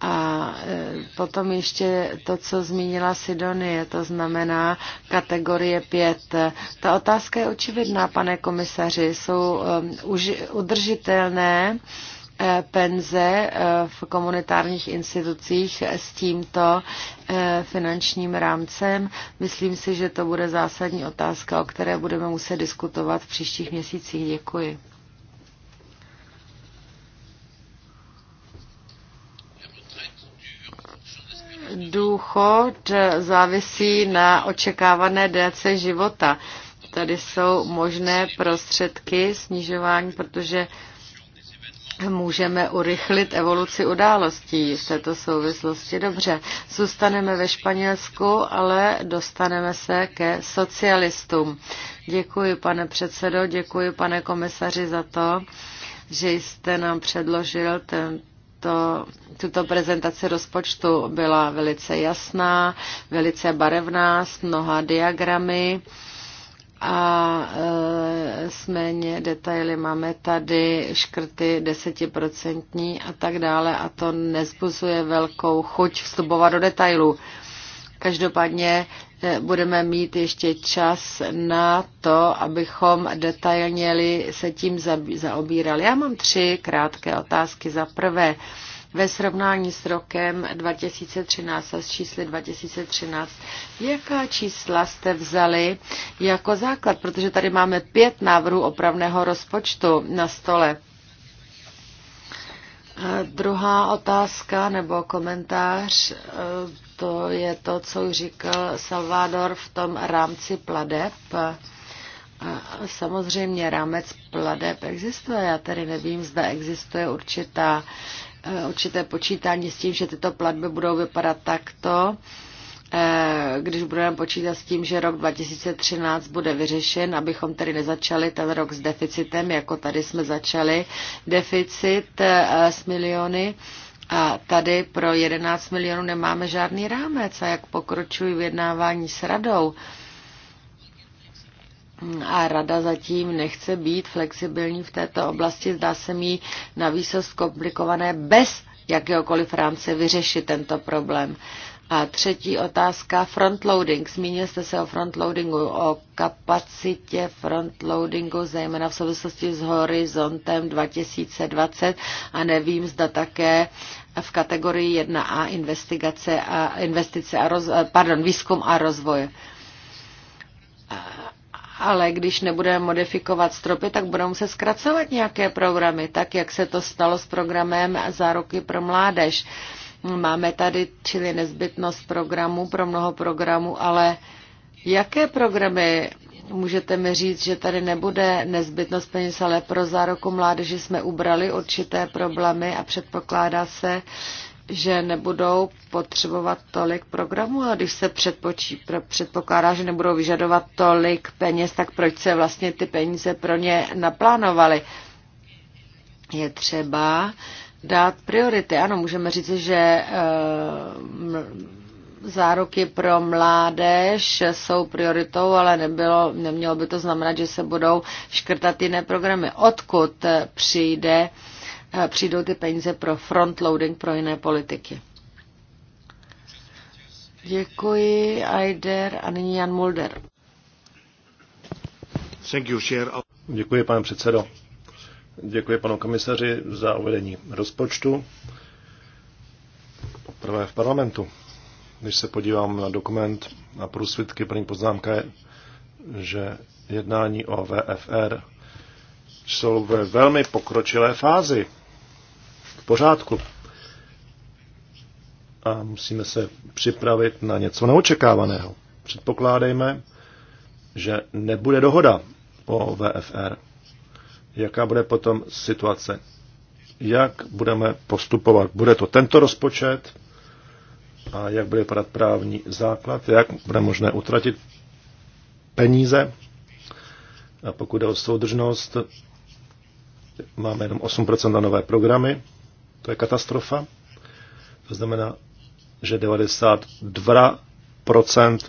a e, potom ještě to, co zmínila Sidonie, to znamená kategorie 5. Ta otázka je očividná, pane komisaři. Jsou e, udržitelné e, penze v komunitárních institucích s tímto finančním rámcem. Myslím si, že to bude zásadní otázka, o které budeme muset diskutovat v příštích měsících. Děkuji. Důchod závisí na očekávané délce života. Tady jsou možné prostředky snižování, protože můžeme urychlit evoluci událostí v této souvislosti. Dobře, zůstaneme ve Španělsku, ale dostaneme se ke socialistům. Děkuji, pane předsedo, děkuji, pane komisaři, za to, že jste nám předložil ten to, tuto prezentaci rozpočtu byla velice jasná, velice barevná, s mnoha diagramy a e, sméně detaily máme tady škrty desetiprocentní a tak dále a to nezbuzuje velkou chuť vstupovat do detailů. E, Každopádně eh, budeme mít ještě čas na to, abychom detailně se tím zaobírali. Já mám tři krátké otázky. Za prvé, ve srovnání s rokem 2013 a s čísly 2013, jaká čísla jste vzali jako základ? Protože tady máme pět návrhů opravného rozpočtu na stole. Druhá otázka nebo komentář eh, to je to, co říkal Salvador v tom rámci pladeb. Samozřejmě rámec pladeb existuje. Já tady nevím, zda existuje určitá, eh, určité počítání s tím, že tyto platby budou vypadat takto eh, když budeme počítat s tím, že rok 2013 bude vyřešen, abychom tedy nezačali ten rok s deficitem, jako tady jsme začali deficit eh, s miliony a tady pro 11 milionů nemáme žádný rámec. A jak pokročují vyjednávání s radou? A rada zatím nechce být flexibilní v této oblasti. Zdá se mi na výsost komplikované bez jakéhokoliv rámce vyřešit tento problém. A třetí otázka, frontloading. Zmínil jste se o frontloadingu, o kapacitě frontloadingu, zejména v souvislosti s horizontem 2020 a nevím, zda také v kategorii 1A investigace a investice a roz, pardon, výzkum a rozvoj. Ale když nebudeme modifikovat stropy, tak budou se zkracovat nějaké programy, tak jak se to stalo s programem Záruky pro mládež. Máme tady čili nezbytnost programů pro mnoho programů, ale jaké programy můžete mi říct, že tady nebude nezbytnost peněz, ale pro zároku mládeže jsme ubrali určité problémy a předpokládá se, že nebudou potřebovat tolik programů a když se předpočí, předpokládá, že nebudou vyžadovat tolik peněz, tak proč se vlastně ty peníze pro ně naplánovaly? Je třeba dát priority. Ano, můžeme říct, že eh, záruky pro mládež jsou prioritou, ale nebylo, nemělo by to znamenat, že se budou škrtat jiné programy. Odkud eh, přijde, eh, přijdou ty peníze pro frontloading pro jiné politiky? Děkuji, Aider a nyní Jan Mulder. Děkuji, pane předsedo. Děkuji panu komisaři za uvedení rozpočtu. Poprvé v parlamentu. Když se podívám na dokument na průsvitky, první poznámka je, že jednání o VFR jsou ve velmi pokročilé fázi. V pořádku. A musíme se připravit na něco neočekávaného. Předpokládejme, že nebude dohoda o VFR jaká bude potom situace. Jak budeme postupovat? Bude to tento rozpočet? A jak bude vypadat právní základ? Jak bude možné utratit peníze? A pokud jde o soudržnost, máme jenom 8% na nové programy. To je katastrofa. To znamená, že 92%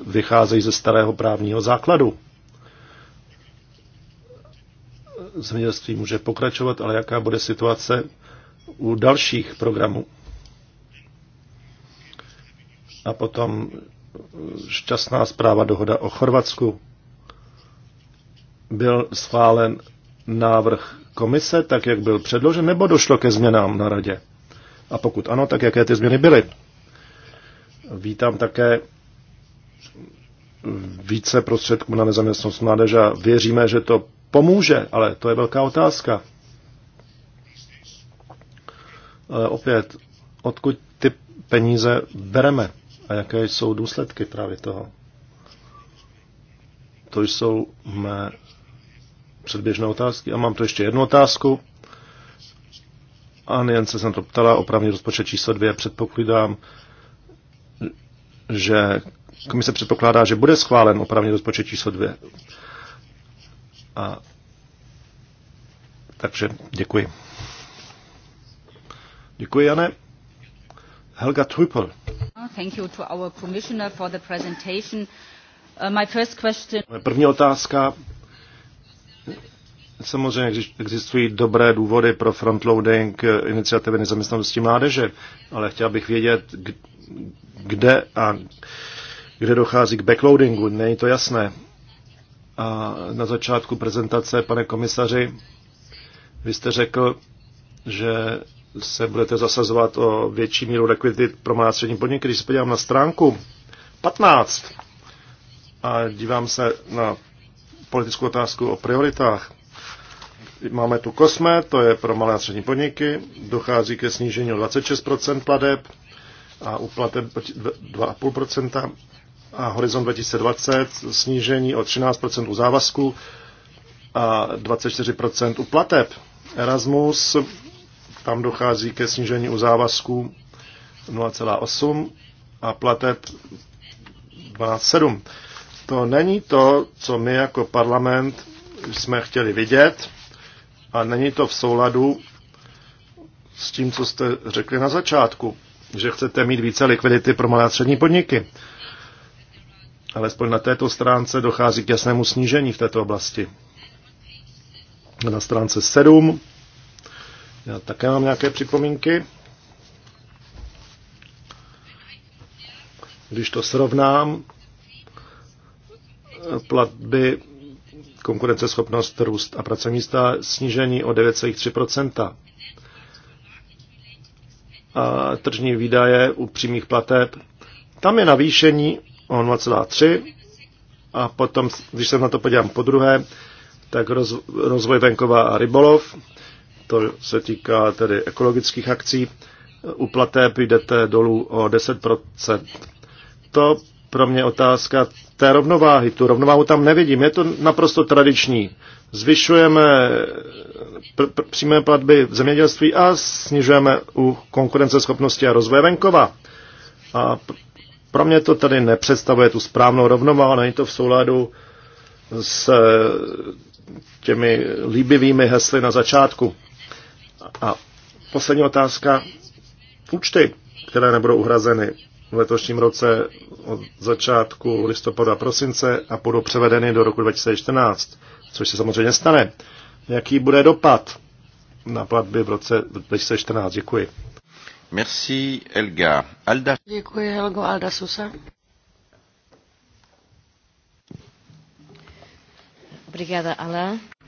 vycházejí ze starého právního základu zemědělství může pokračovat, ale jaká bude situace u dalších programů. A potom šťastná zpráva dohoda o Chorvatsku. Byl schválen návrh komise, tak jak byl předložen, nebo došlo ke změnám na radě? A pokud ano, tak jaké ty změny byly? Vítám také více prostředků na nezaměstnost mládeže a věříme, že to pomůže, ale to je velká otázka. E, opět, odkud ty peníze bereme a jaké jsou důsledky právě toho? To jsou mé předběžné otázky. A mám tu ještě jednu otázku. A jen se jsem to ptala, opravný rozpočet číslo dvě předpokládám, že komise předpokládá, že bude schválen opravný rozpočet číslo dvě. A, takže děkuji. Děkuji, Jane. Helga Trüppel. Thank you to our commissioner for the presentation. Uh, my first question... První otázka. Samozřejmě existují dobré důvody pro frontloading eh, iniciativy nezaměstnanosti mládeže, ale chtěl bych vědět, kde a kde dochází k backloadingu. Není to jasné. A na začátku prezentace, pane komisaři, vy jste řekl, že se budete zasazovat o větší míru likvidity pro malé střední podniky. Když se podívám na stránku 15 a dívám se na politickou otázku o prioritách, máme tu Kosme, to je pro malé a střední podniky, dochází ke snížení o 26% pladeb a u 2,5% a Horizon 2020 snížení o 13% u závazku a 24% u plateb. Erasmus, tam dochází ke snížení u závazku 0,8 a plateb 12,7. To není to, co my jako parlament jsme chtěli vidět a není to v souladu s tím, co jste řekli na začátku, že chcete mít více likvidity pro malé a střední podniky alespoň na této stránce dochází k jasnému snížení v této oblasti. Na stránce 7 já také mám nějaké připomínky. Když to srovnám, platby, konkurenceschopnost, růst a pracovní místa snížení o 9,3 a tržní výdaje u přímých plateb. Tam je navýšení o 0,3 a potom, když se na to podívám po druhé, tak roz, rozvoj venkova a rybolov, to se týká tedy ekologických akcí, u plateb jdete dolů o 10%. To pro mě otázka té rovnováhy. Tu rovnováhu tam nevidím. Je to naprosto tradiční. Zvyšujeme pr- pr- přímé platby v zemědělství a snižujeme u konkurenceschopnosti a rozvoje venkova. A pro mě to tady nepředstavuje tu správnou rovnováhu, není to v souladu s eh, těmi líbivými hesly na začátku. A poslední otázka. Účty, které nebudou uhrazeny v letošním roce od začátku listopadu a prosince a budou převedeny do roku 2014, což se samozřejmě stane. Jaký bude dopad na platby v roce 2014? Děkuji. Merci, Helga. Alda. Děkuji, Helgo. Alda Susa.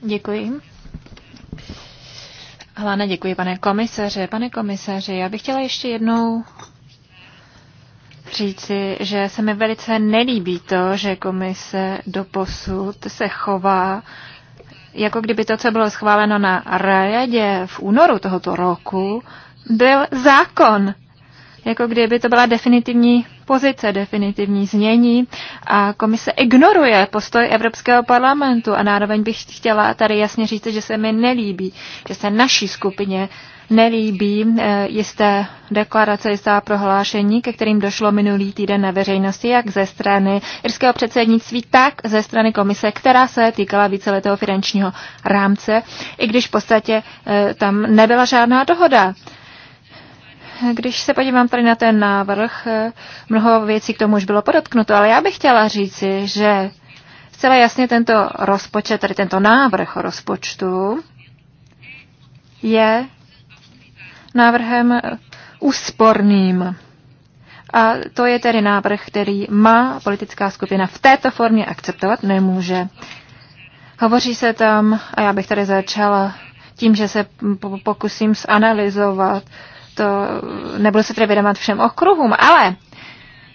Děkuji. děkuji, pane komisaře. Pane komisaře, já bych chtěla ještě jednou říci, že se mi velice nelíbí to, že komise do posud se chová, jako kdyby to, co bylo schváleno na radě v únoru tohoto roku, byl zákon. Jako kdyby to byla definitivní pozice, definitivní znění a komise ignoruje postoj Evropského parlamentu a nároveň bych chtěla tady jasně říct, že se mi nelíbí, že se naší skupině nelíbí eh, jisté deklarace, jistá prohlášení, ke kterým došlo minulý týden na veřejnosti, jak ze strany irského předsednictví, tak ze strany komise, která se týkala víceletého finančního rámce, i když v podstatě eh, tam nebyla žádná dohoda. Když se podívám tady na ten návrh, mnoho věcí k tomu už bylo podotknuto, ale já bych chtěla říci, že zcela jasně tento rozpočet, tady tento návrh rozpočtu je návrhem úsporným. A to je tedy návrh, který má politická skupina v této formě akceptovat nemůže. Hovoří se tam, a já bych tady začala tím, že se pokusím zanalizovat to nebudu se tedy vědomat všem okruhům, ale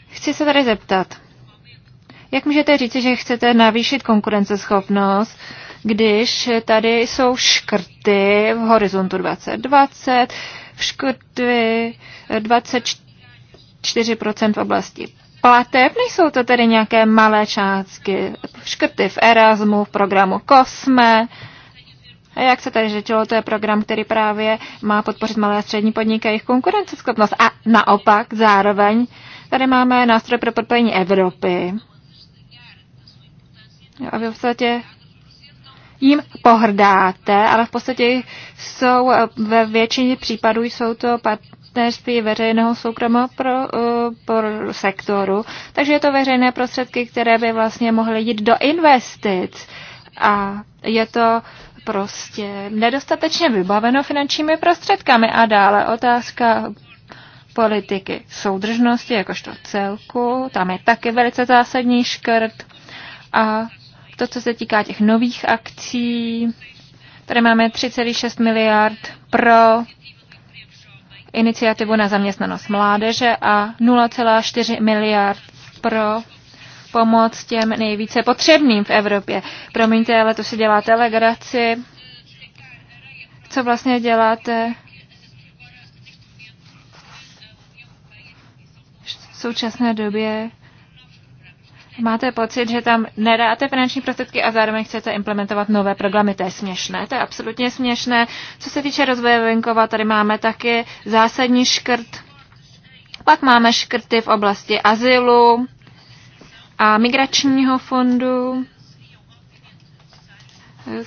chci se tady zeptat, jak můžete říct, že chcete navýšit konkurenceschopnost, když tady jsou škrty v horizontu 2020, v škrty 24% v oblasti plateb, nejsou to tedy nějaké malé částky, škrty v Erasmu, v programu Kosme, a jak se tady řečilo, to je program, který právě má podpořit malé a střední podniky a jejich konkurenceschopnost. A naopak zároveň tady máme nástroj pro podpojení Evropy. Jo, a vy v podstatě jim pohrdáte, ale v podstatě jsou ve většině případů jsou to partnerství veřejného soukromého pro, eh, pro sektoru, takže je to veřejné prostředky, které by vlastně mohly jít do investic. A je to prostě nedostatečně vybaveno finančními prostředkami. A dále otázka politiky soudržnosti jakožto celku, tam je taky velice zásadní škrt. A to, co se týká těch nových akcí, tady máme 3,6 miliard pro iniciativu na zaměstnanost mládeže a 0,4 miliard pro pomoc těm nejvíce potřebným v Evropě. Promiňte, ale to si děláte legraci. Co vlastně děláte? V současné době máte pocit, že tam nedáte finanční prostředky a zároveň chcete implementovat nové programy. To je směšné, to je absolutně směšné. Co se týče rozvoje venkova, tady máme taky zásadní škrt. Pak máme škrty v oblasti azylu, a migračního fondu,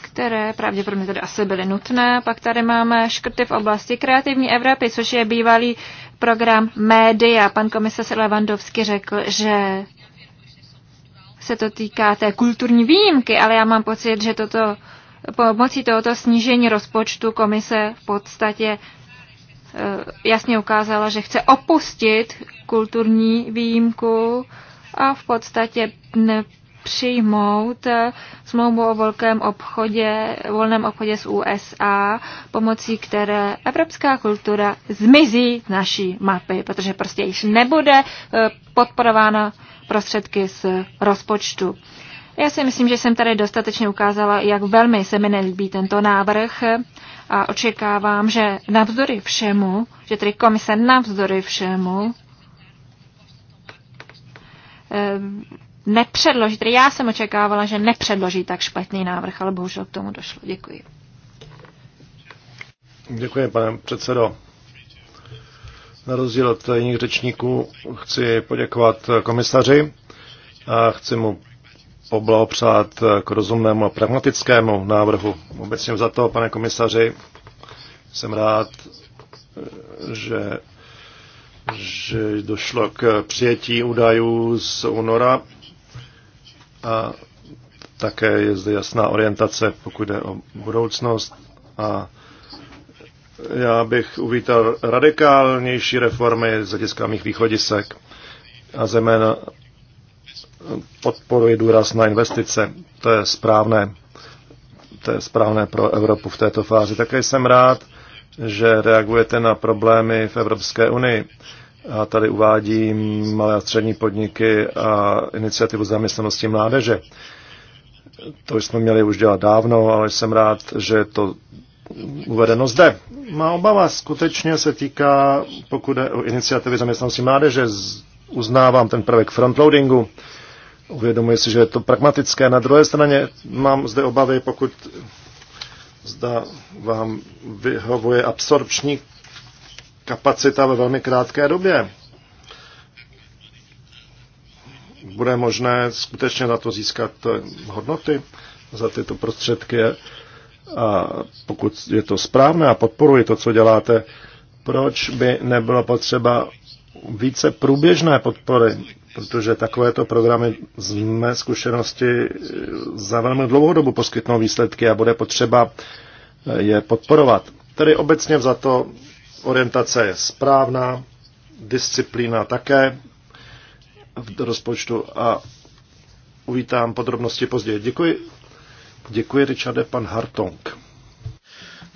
které pravděpodobně tady asi byly nutné. Pak tady máme škrty v oblasti kreativní Evropy, což je bývalý program média. Pan komisař Levandovský řekl, že se to týká té kulturní výjimky, ale já mám pocit, že toto, pomocí tohoto snížení rozpočtu komise v podstatě eh, jasně ukázala, že chce opustit kulturní výjimku a v podstatě přijmout smlouvu o volném obchodě, volném obchodě s USA, pomocí které evropská kultura zmizí z naší mapy, protože prostě již nebude eh, podporována prostředky z rozpočtu. Já si myslím, že jsem tady dostatečně ukázala, jak velmi se mi nelíbí tento návrh a očekávám, že navzdory všemu, že tedy komise navzdory všemu Eh, nepředložit. Já jsem očekávala, že nepředloží tak špatný návrh, ale bohužel k tomu došlo. Děkuji. Děkuji, pane předsedo. Na rozdíl od jiných řečníků chci poděkovat komisaři a chci mu poblahopřát k rozumnému a pragmatickému návrhu. Obecně za to, pane komisaři, jsem rád, že že došlo k přijetí údajů z února a také je zde jasná orientace, pokud jde o budoucnost. A já bych uvítal radikálnější reformy z hlediska mých východisek a zejména podporuji důraz na investice. To je správné. To je správné pro Evropu v této fázi. Také jsem rád, že reagujete na problémy v Evropské unii. A tady uvádím malé a střední podniky a iniciativu zaměstnanosti mládeže. To jsme měli už dělat dávno, ale jsem rád, že to uvedeno zde. Má obava skutečně se týká, pokud je o iniciativy zaměstnanosti mládeže, uznávám ten prvek frontloadingu, uvědomuji si, že je to pragmatické. Na druhé straně mám zde obavy, pokud zda vám vyhovuje absorpční kapacita ve velmi krátké době. Bude možné skutečně na to získat hodnoty za tyto prostředky a pokud je to správné a podporuji to, co děláte, proč by nebylo potřeba více průběžné podpory protože takovéto programy z mé zkušenosti eh, za velmi dlouhou dobu poskytnou výsledky a bude potřeba eh, je podporovat. Tedy obecně za to orientace je správná, disciplína také v rozpočtu a uvítám podrobnosti později. Děkuji. Děkuji, Richarde, pan Hartong.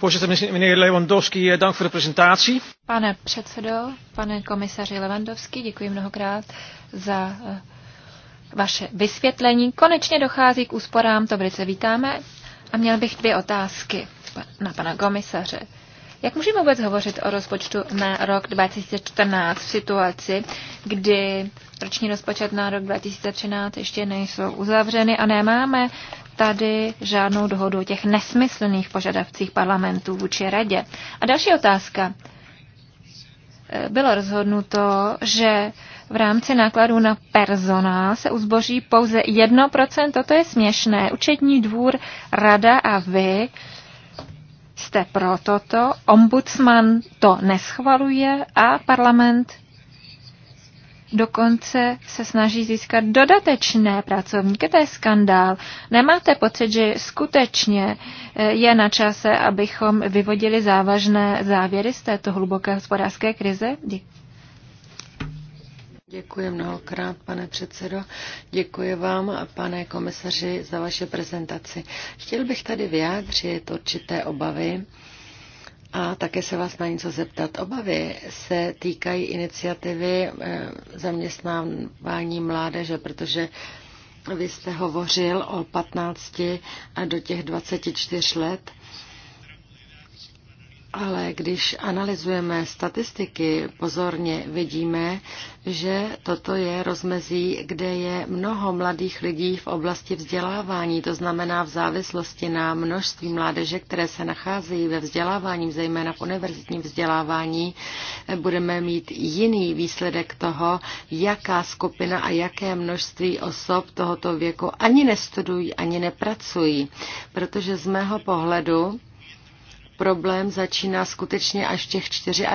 Voorzitter, meneer Lewandowski, eh, dank voor de presentatie. Pane předsedo, pane komisaři Lewandowski, děkuji mnohokrát za eh, vaše vysvětlení. Konečně dochází k úsporám, to velice vítáme. A měl bych dvě otázky na pana komisaře. Jak můžeme vůbec hovořit o rozpočtu na rok 2014 v situaci, kdy roční rozpočet na rok 2013 ještě nejsou uzavřeny a nemáme tady žádnou dohodu o těch nesmyslných požadavcích parlamentů vůči radě. A další otázka. E, bylo rozhodnuto, že v rámci nákladů na personál se uzboří pouze 1%. To je směšné. Učetní dvůr, rada a vy jste pro toto, ombudsman to neschvaluje a parlament dokonce se snaží získat dodatečné pracovníky. To je skandál. Nemáte pocit, že skutečně eh, je na čase, abychom vyvodili závažné závěry z této hluboké hospodářské krize? Děkuji. Děkuji mnohokrát, pane předsedo. Děkuji vám, pane komisaři, za vaše prezentaci. Chtěl bych tady vyjádřit určité obavy a také se vás na něco zeptat. Obavy se týkají iniciativy eh, zaměstnávání mládeže, protože vy jste hovořil o 15 a do těch 24 let ale když analyzujeme statistiky pozorně, vidíme, že toto je rozmezí, kde je mnoho mladých lidí v oblasti vzdělávání, to znamená v závislosti na množství mládeže, které se nacházejí ve vzdělávání, zejména v univerzitním vzdělávání, budeme mít jiný výsledek toho, jaká skupina a jaké množství osob tohoto věku ani nestudují, ani nepracují. Protože z mého pohledu, problém začíná skutečně až v těch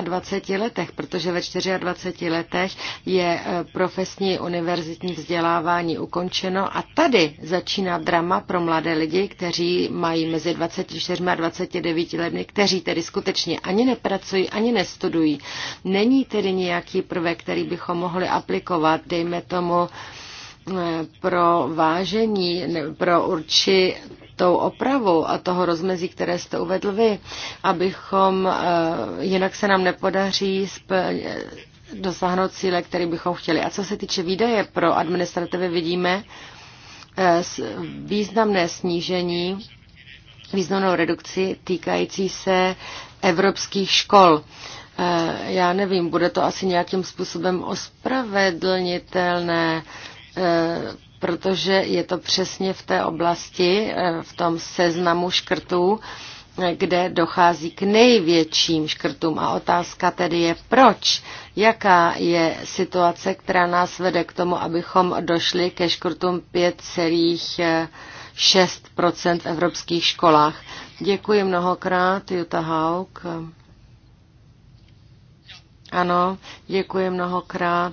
24 letech, protože ve 24 letech je e, profesní univerzitní vzdělávání ukončeno a tady začíná drama pro mladé lidi, kteří mají mezi 24 a 29 lety, kteří tedy skutečně ani nepracují, ani nestudují. Není tedy nějaký prvek, který bychom mohli aplikovat, dejme tomu, e, pro vážení, pro určitě tou opravou a toho rozmezí, které jste uvedl vy, abychom, eh, jinak se nám nepodaří dosáhnout cíle, který bychom chtěli. A co se týče výdaje pro administrativy, vidíme eh, významné snížení, významnou redukci týkající se evropských škol eh, já nevím, bude to asi nějakým způsobem ospravedlnitelné protože je to přesně v té oblasti, eh, v tom seznamu škrtů, eh, kde dochází k největším škrtům. A otázka tedy je, proč? Jaká je situace, která nás vede k tomu, abychom došli ke škrtům 5,6 v evropských školách? Děkuji mnohokrát, Jutta Haug. Ano, děkuji mnohokrát.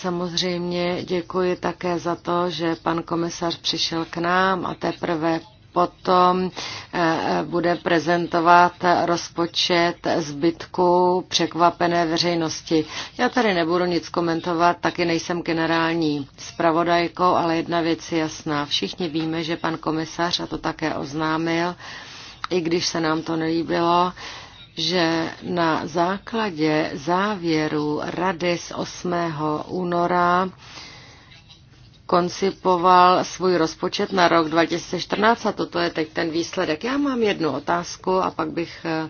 Samozřejmě děkuji také za to, že pan komisař přišel k nám a teprve potom eh, eh, bude prezentovat rozpočet zbytku překvapené veřejnosti. Já tady nebudu nic komentovat, taky nejsem generální zpravodajkou, ale jedna věc je jasná. Všichni víme, že pan komisař, a to také oznámil, i když se nám to nelíbilo, že na základě závěru Rady z 8. února koncipoval svůj rozpočet na rok 2014 a toto je teď ten výsledek. Já mám jednu otázku a pak bych eh,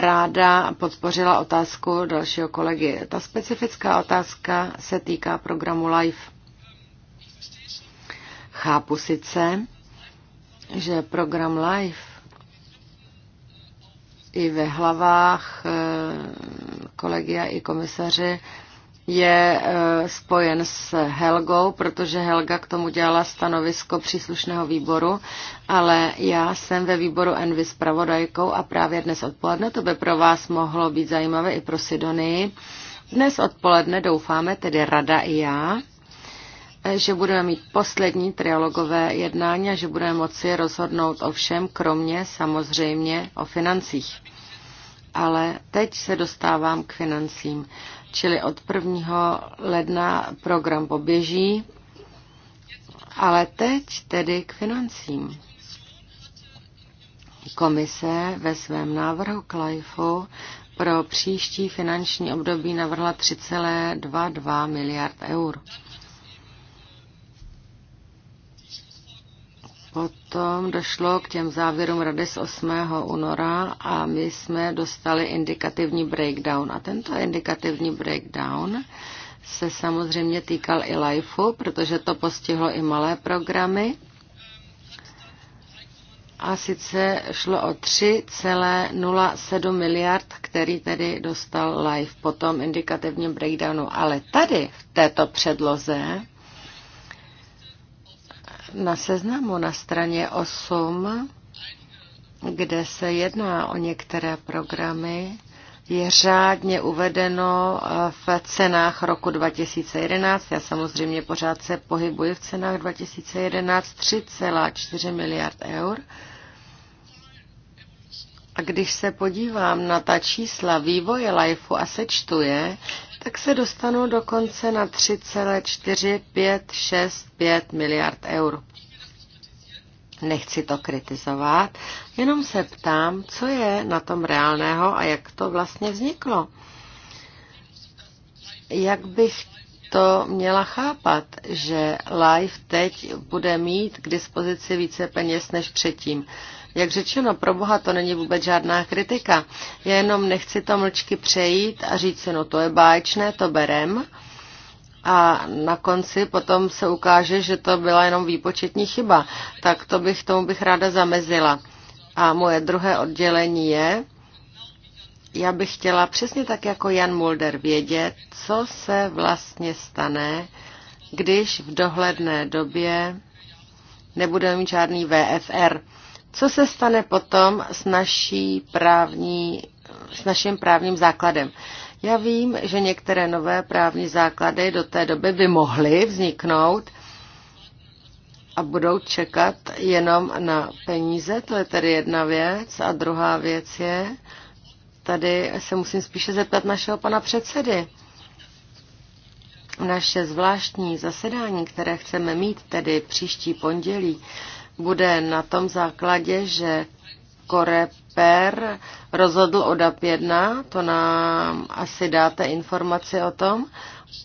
ráda podpořila otázku dalšího kolegy. Ta specifická otázka se týká programu LIFE. Chápu sice, že program LIFE i ve hlavách eh, kolegia i komisaři je eh, spojen s Helgou, protože Helga k tomu dělala stanovisko příslušného výboru, ale já jsem ve výboru Envy s pravodajkou a právě dnes odpoledne to by pro vás mohlo být zajímavé i pro Sidonii. Dnes odpoledne doufáme, tedy Rada i já, že budeme mít poslední trialogové jednání a že budeme moci rozhodnout o všem, kromě samozřejmě o financích. Ale teď se dostávám k financím. Čili od 1. ledna program poběží, ale teď tedy k financím. Komise ve svém návrhu k pro příští finanční období navrhla 3,22 miliard eur. Potom došlo k těm závěrům rady z 8. února a my jsme dostali indikativní breakdown. A tento indikativní breakdown se samozřejmě týkal i LIFEu, protože to postihlo i malé programy. A sice šlo o 3,07 miliard, který tedy dostal LIFE po tom indikativním breakdownu. Ale tady v této předloze na seznamu na straně 8, kde se jedná o některé programy, je řádně uvedeno v cenách roku 2011. Já samozřejmě pořád se pohybuji v cenách 2011 3,4 miliard eur. A když se podívám na ta čísla vývoje lifeu a sečtu je, tak se dostanu dokonce na 3,4565 miliard eur. Nechci to kritizovat, jenom se ptám, co je na tom reálného a jak to vlastně vzniklo. Jak bych to měla chápat, že Life teď bude mít k dispozici více peněz než předtím. Jak řečeno, pro boha to není vůbec žádná kritika. Já jenom nechci to mlčky přejít a říct si, no to je báječné, to berem. A na konci potom se ukáže, že to byla jenom výpočetní chyba. Tak to bych, tomu bych ráda zamezila. A moje druhé oddělení je, já bych chtěla přesně tak jako Jan Mulder vědět, co se vlastně stane, když v dohledné době nebudeme mít žádný VFR. Co se stane potom s, naší právní, s naším právním základem? Já vím, že některé nové právní základy do té doby by mohly vzniknout a budou čekat jenom na peníze, to je tedy jedna věc. A druhá věc je, tady se musím spíše zeptat našeho pana předsedy. Naše zvláštní zasedání, které chceme mít tedy příští pondělí, bude na tom základě, že Koreper rozhodl o DAP 1, to nám asi dáte informaci o tom,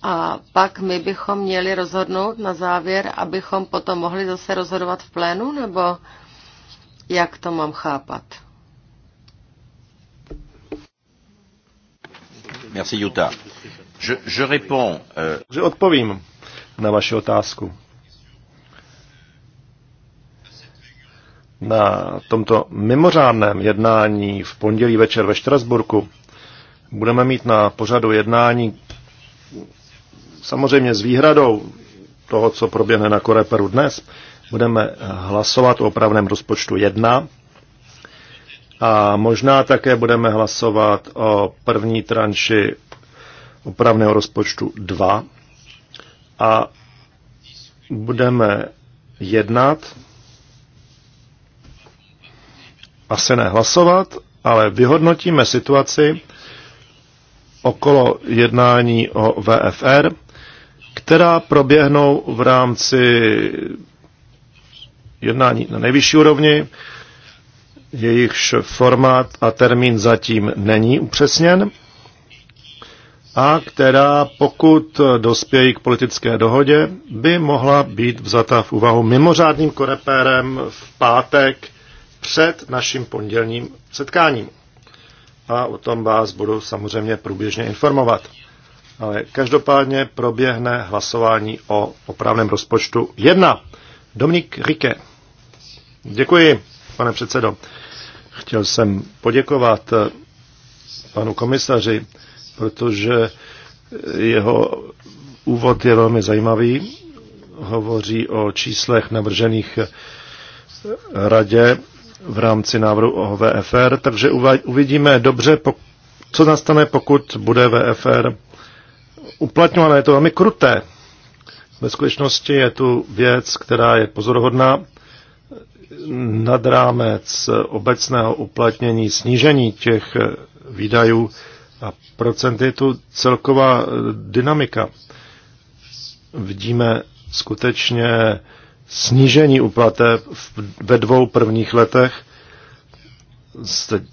a pak my bychom měli rozhodnout na závěr, abychom potom mohli zase rozhodovat v plénu, nebo jak to mám chápat? Merci Jutta. Je, je réponds, uh... Odpovím na vaši otázku. na tomto mimořádném jednání v pondělí večer ve Štrasburku budeme mít na pořadu jednání samozřejmě s výhradou toho, co proběhne na Koreperu dnes, budeme hlasovat o opravném rozpočtu 1 a možná také budeme hlasovat o první tranši opravného rozpočtu 2 a budeme jednat asi nehlasovat, ale vyhodnotíme situaci okolo jednání o VFR, která proběhnou v rámci jednání na nejvyšší úrovni, jejichž formát a termín zatím není upřesněn, a která, pokud dospějí k politické dohodě, by mohla být vzata v úvahu mimořádným korepérem v pátek před naším pondělním setkáním. A o tom vás budu samozřejmě průběžně informovat. Ale každopádně proběhne hlasování o opravném rozpočtu 1. Dominik Rike. Děkuji, pane předsedo. Chtěl jsem poděkovat eh, panu komisaři, protože jeho úvod je velmi zajímavý. Hovoří o číslech navržených eh, radě v rámci návrhu o VFR, takže uvidíme dobře, co nastane, pokud bude VFR uplatňované. Je to velmi kruté. Ve skutečnosti je tu věc, která je pozoruhodná nad rámec obecného uplatnění snížení těch výdajů a procent je tu celková dynamika. Vidíme skutečně snížení uplaté ve dvou prvních letech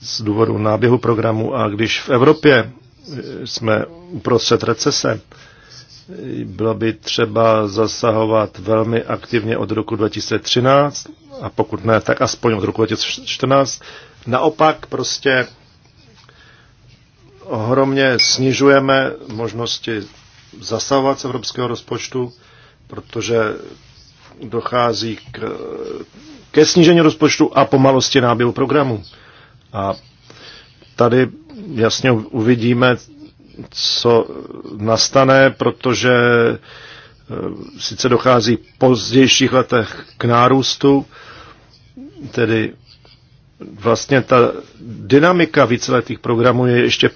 z důvodu náběhu programu a když v Evropě eh, jsme uprostřed recese, bylo by třeba zasahovat velmi aktivně od roku 2013 a pokud ne, tak aspoň od roku 2014. Naopak prostě ohromně snižujeme možnosti zasahovat z evropského rozpočtu, protože dochází k, ke snížení rozpočtu a pomalosti náběhu programu. A tady jasně uvidíme, co nastane, protože e, sice dochází v pozdějších letech k nárůstu, tedy vlastně ta dynamika víceletých programů je ještě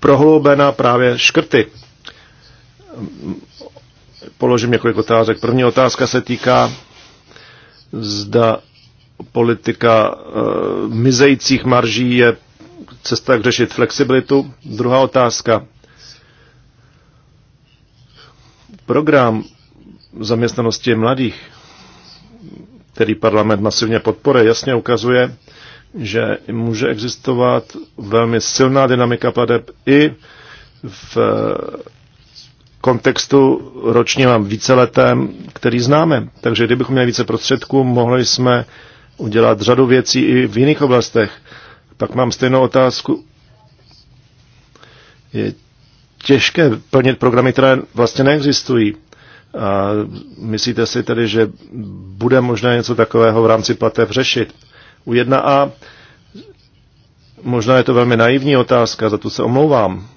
prohloubená právě škrty položím několik otázek. První otázka se týká, zda politika e, mizejících marží je cesta, jak řešit flexibilitu. Druhá otázka. Program zaměstnanosti mladých, který parlament masivně podporuje, jasně ukazuje, že může existovat velmi silná dynamika pladeb i v kontextu ročně mám více letem, který známe. Takže kdybychom měli více prostředků, mohli jsme udělat řadu věcí i v jiných oblastech. Pak mám stejnou otázku. Je těžké plnit programy, které vlastně neexistují. A myslíte si tedy, že bude možné něco takového v rámci plateb řešit? U 1A možná je to velmi naivní otázka, za to se omlouvám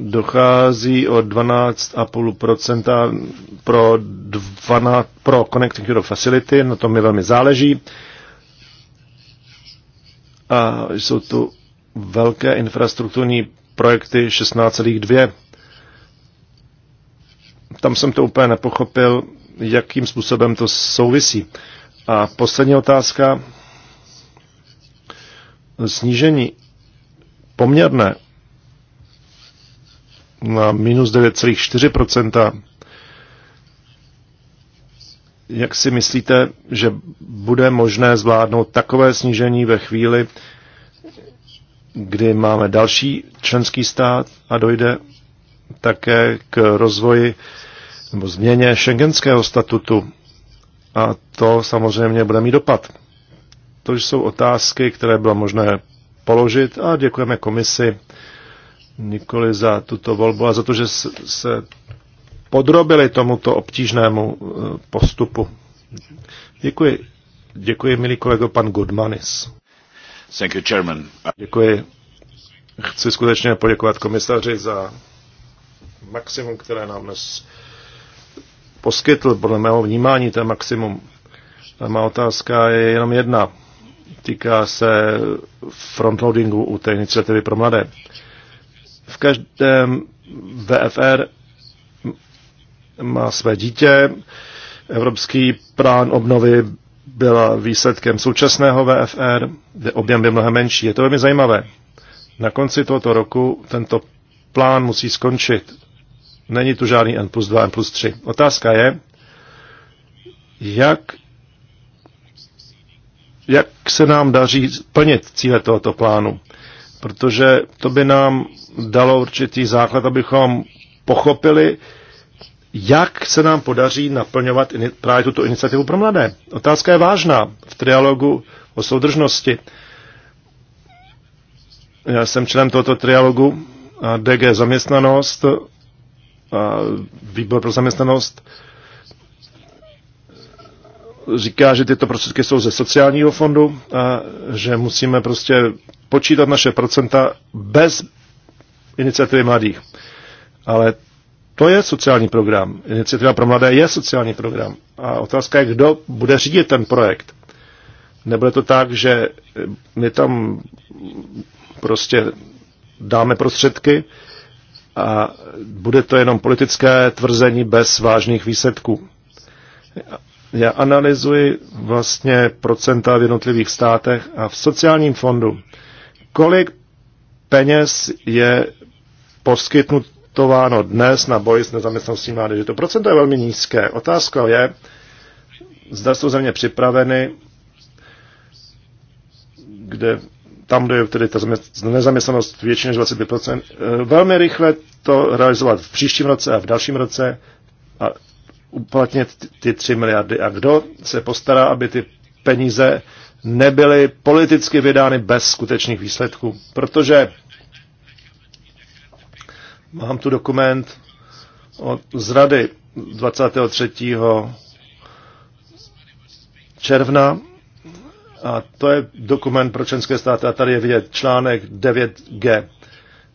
dochází o 12,5% pro, 12, pro Connecting Europe Facility, na tom mi velmi záleží. A jsou tu velké infrastrukturní projekty 16,2. Tam jsem to úplně nepochopil, jakým způsobem to souvisí. A poslední otázka. Snížení poměrné na minus 9,4%. Jak si myslíte, že bude možné zvládnout takové snížení ve chvíli, kdy máme další členský stát a dojde také k rozvoji nebo změně šengenského statutu. A to samozřejmě bude mít dopad. To jsou otázky, které bylo možné položit a děkujeme komisi nikoli za tuto volbu a za to, že se podrobili tomuto obtížnému eh, postupu. Děkuji. Děkuji, milý kolego, pan Goodmanis. Thank you, Chairman. Děkuji. Chci skutečně poděkovat komisaři za maximum, které nám dnes poskytl. Podle mého vnímání to je maximum. A má otázka je jenom jedna. Týká se frontloadingu u té iniciativy pro mladé. V každém VFR má své dítě. Evropský plán obnovy byla výsledkem současného VFR, kde objem byl mnohem menší. Je to velmi zajímavé. Na konci tohoto roku tento plán musí skončit. Není tu žádný N plus 2, N plus 3. Otázka je, jak, jak se nám daří plnit cíle tohoto plánu protože to by nám dalo určitý základ, abychom pochopili, jak se nám podaří naplňovat právě tuto iniciativu pro mladé. Otázka je vážná v trialogu o soudržnosti. Já jsem členem tohoto trialogu DG zaměstnanost, a výbor pro zaměstnanost říká, že tyto prostředky jsou ze sociálního fondu a že musíme prostě počítat naše procenta bez iniciativy mladých. Ale to je sociální program. Iniciativa pro mladé je sociální program. A otázka je, kdo bude řídit ten projekt. Nebude to tak, že my tam prostě dáme prostředky a bude to jenom politické tvrzení bez vážných výsledků já analyzuji vlastně procenta v jednotlivých státech a v sociálním fondu, kolik peněz je poskytnutováno dnes na boj s nezaměstnaností mládeže. To procento je velmi nízké. Otázka je, zda jsou země připraveny, kde tam, kde je tedy ta nezaměstnanost většině než 25%, velmi rychle to realizovat v příštím roce a v dalším roce a uplatnit ty 3 miliardy a kdo se postará, aby ty peníze nebyly politicky vydány bez skutečných výsledků. Protože mám tu dokument od zrady 23. června a to je dokument pro členské státy a tady je vidět článek 9G.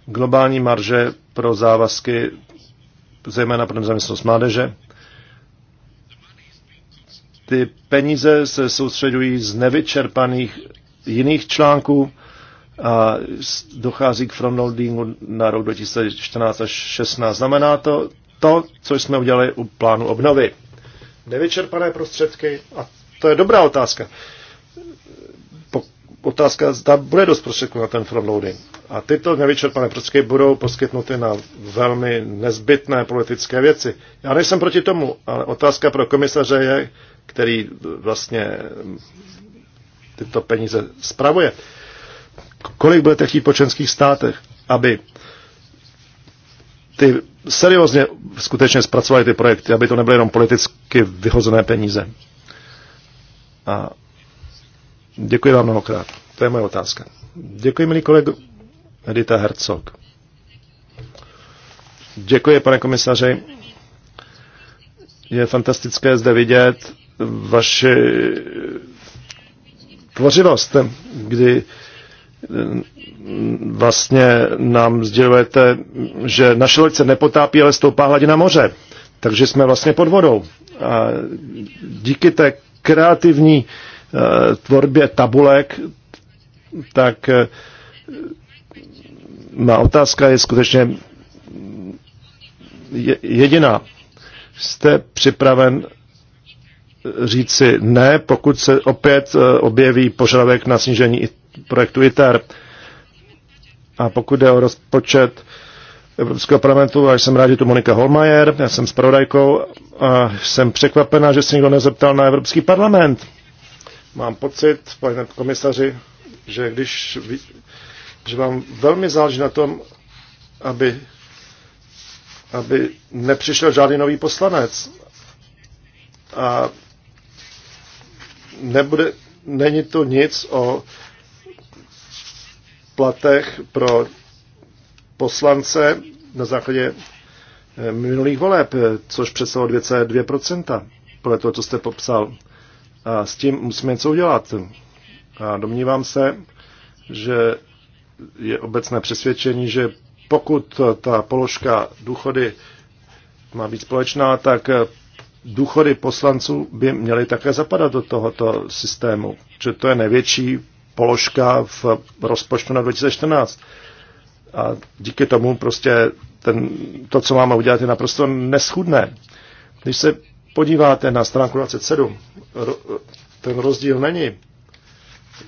Globální marže pro závazky, zejména pro nezaměstnost mládeže ty peníze se soustředují z nevyčerpaných jiných článků a dochází k frontloadingu na rok 2014 až 16. Znamená to to, co jsme udělali u plánu obnovy. Nevyčerpané prostředky, a to je dobrá otázka. Po, otázka, zda bude dost prostředků na ten frontloading. A tyto nevyčerpané prostředky budou poskytnuty na velmi nezbytné politické věci. Já nejsem proti tomu, ale otázka pro komisaře je, který vlastně tyto peníze spravuje. Kolik budete chtít po členských státech, aby ty seriózně skutečně zpracovali ty projekty, aby to nebyly jenom politicky vyhozené peníze. A děkuji vám mnohokrát. To je moje otázka. Děkuji, milý kolego Edita Herzog. Děkuji, pane komisaři. Je fantastické zde vidět, vaši tvořivost, kdy mm, vlastně nám sdělujete, že naše loď se nepotápí, ale stoupá hladina moře. Takže jsme vlastně pod vodou. A díky té kreativní eh, tvorbě tabulek, tak eh, má otázka je skutečně jediná. Jste připraven říci ne, pokud se opět e, objeví požadavek na snížení projektu ITER. A pokud jde o rozpočet Evropského parlamentu, a jsem rád, že tu Monika Holmajer, já jsem prodajkou a jsem překvapená, že se nikdo nezeptal na Evropský parlament. Mám pocit, pane komisaři, že když že vám velmi záleží na tom, aby, aby nepřišel žádný nový poslanec. A nebude, není to nic o platech pro poslance na základě eh, minulých voleb, což přesalo 2,2% podle toho, co jste popsal. A s tím musíme něco udělat. A domnívám se, že je obecné přesvědčení, že pokud ta položka důchody má být společná, tak důchody poslanců by měly také zapadat do tohoto systému, že to je největší položka v rozpočtu na 2014. A díky tomu prostě ten, to, co máme udělat, je naprosto neschudné. Když se podíváte na stránku 27, ten rozdíl není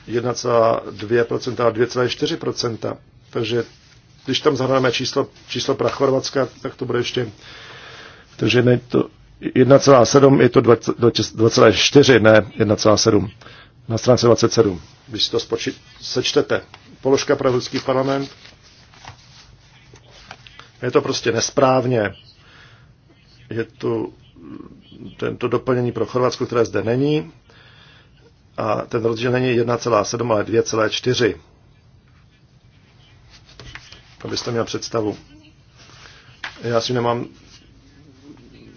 1,2% a 2,4%. Takže když tam zahrneme číslo, číslo Prachorvatska, tak to bude ještě... Takže ne, to, 1,7 je to 2,4, ne 1,7. Na stránce 27, když si to spočít, sečtete. Položka pro Evropský parlament. Je to prostě nesprávně. Je tu tento doplnění pro Chorvatsko, které zde není. A ten rozdíl není 1,7, ale 2,4. Abyste měl představu. Já si nemám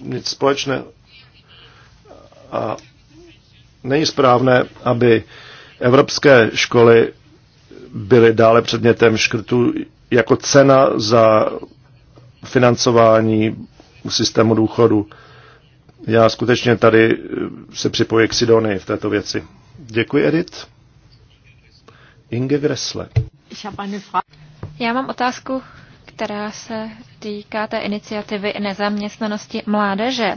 nic společné. A není správné, aby evropské školy byly dále předmětem škrtů jako cena za financování systému důchodu. Já skutečně tady se připojím k Sidony v této věci. Děkuji, Edith. Inge Gressle. Já mám otázku která se týká té iniciativy nezaměstnanosti mládeže.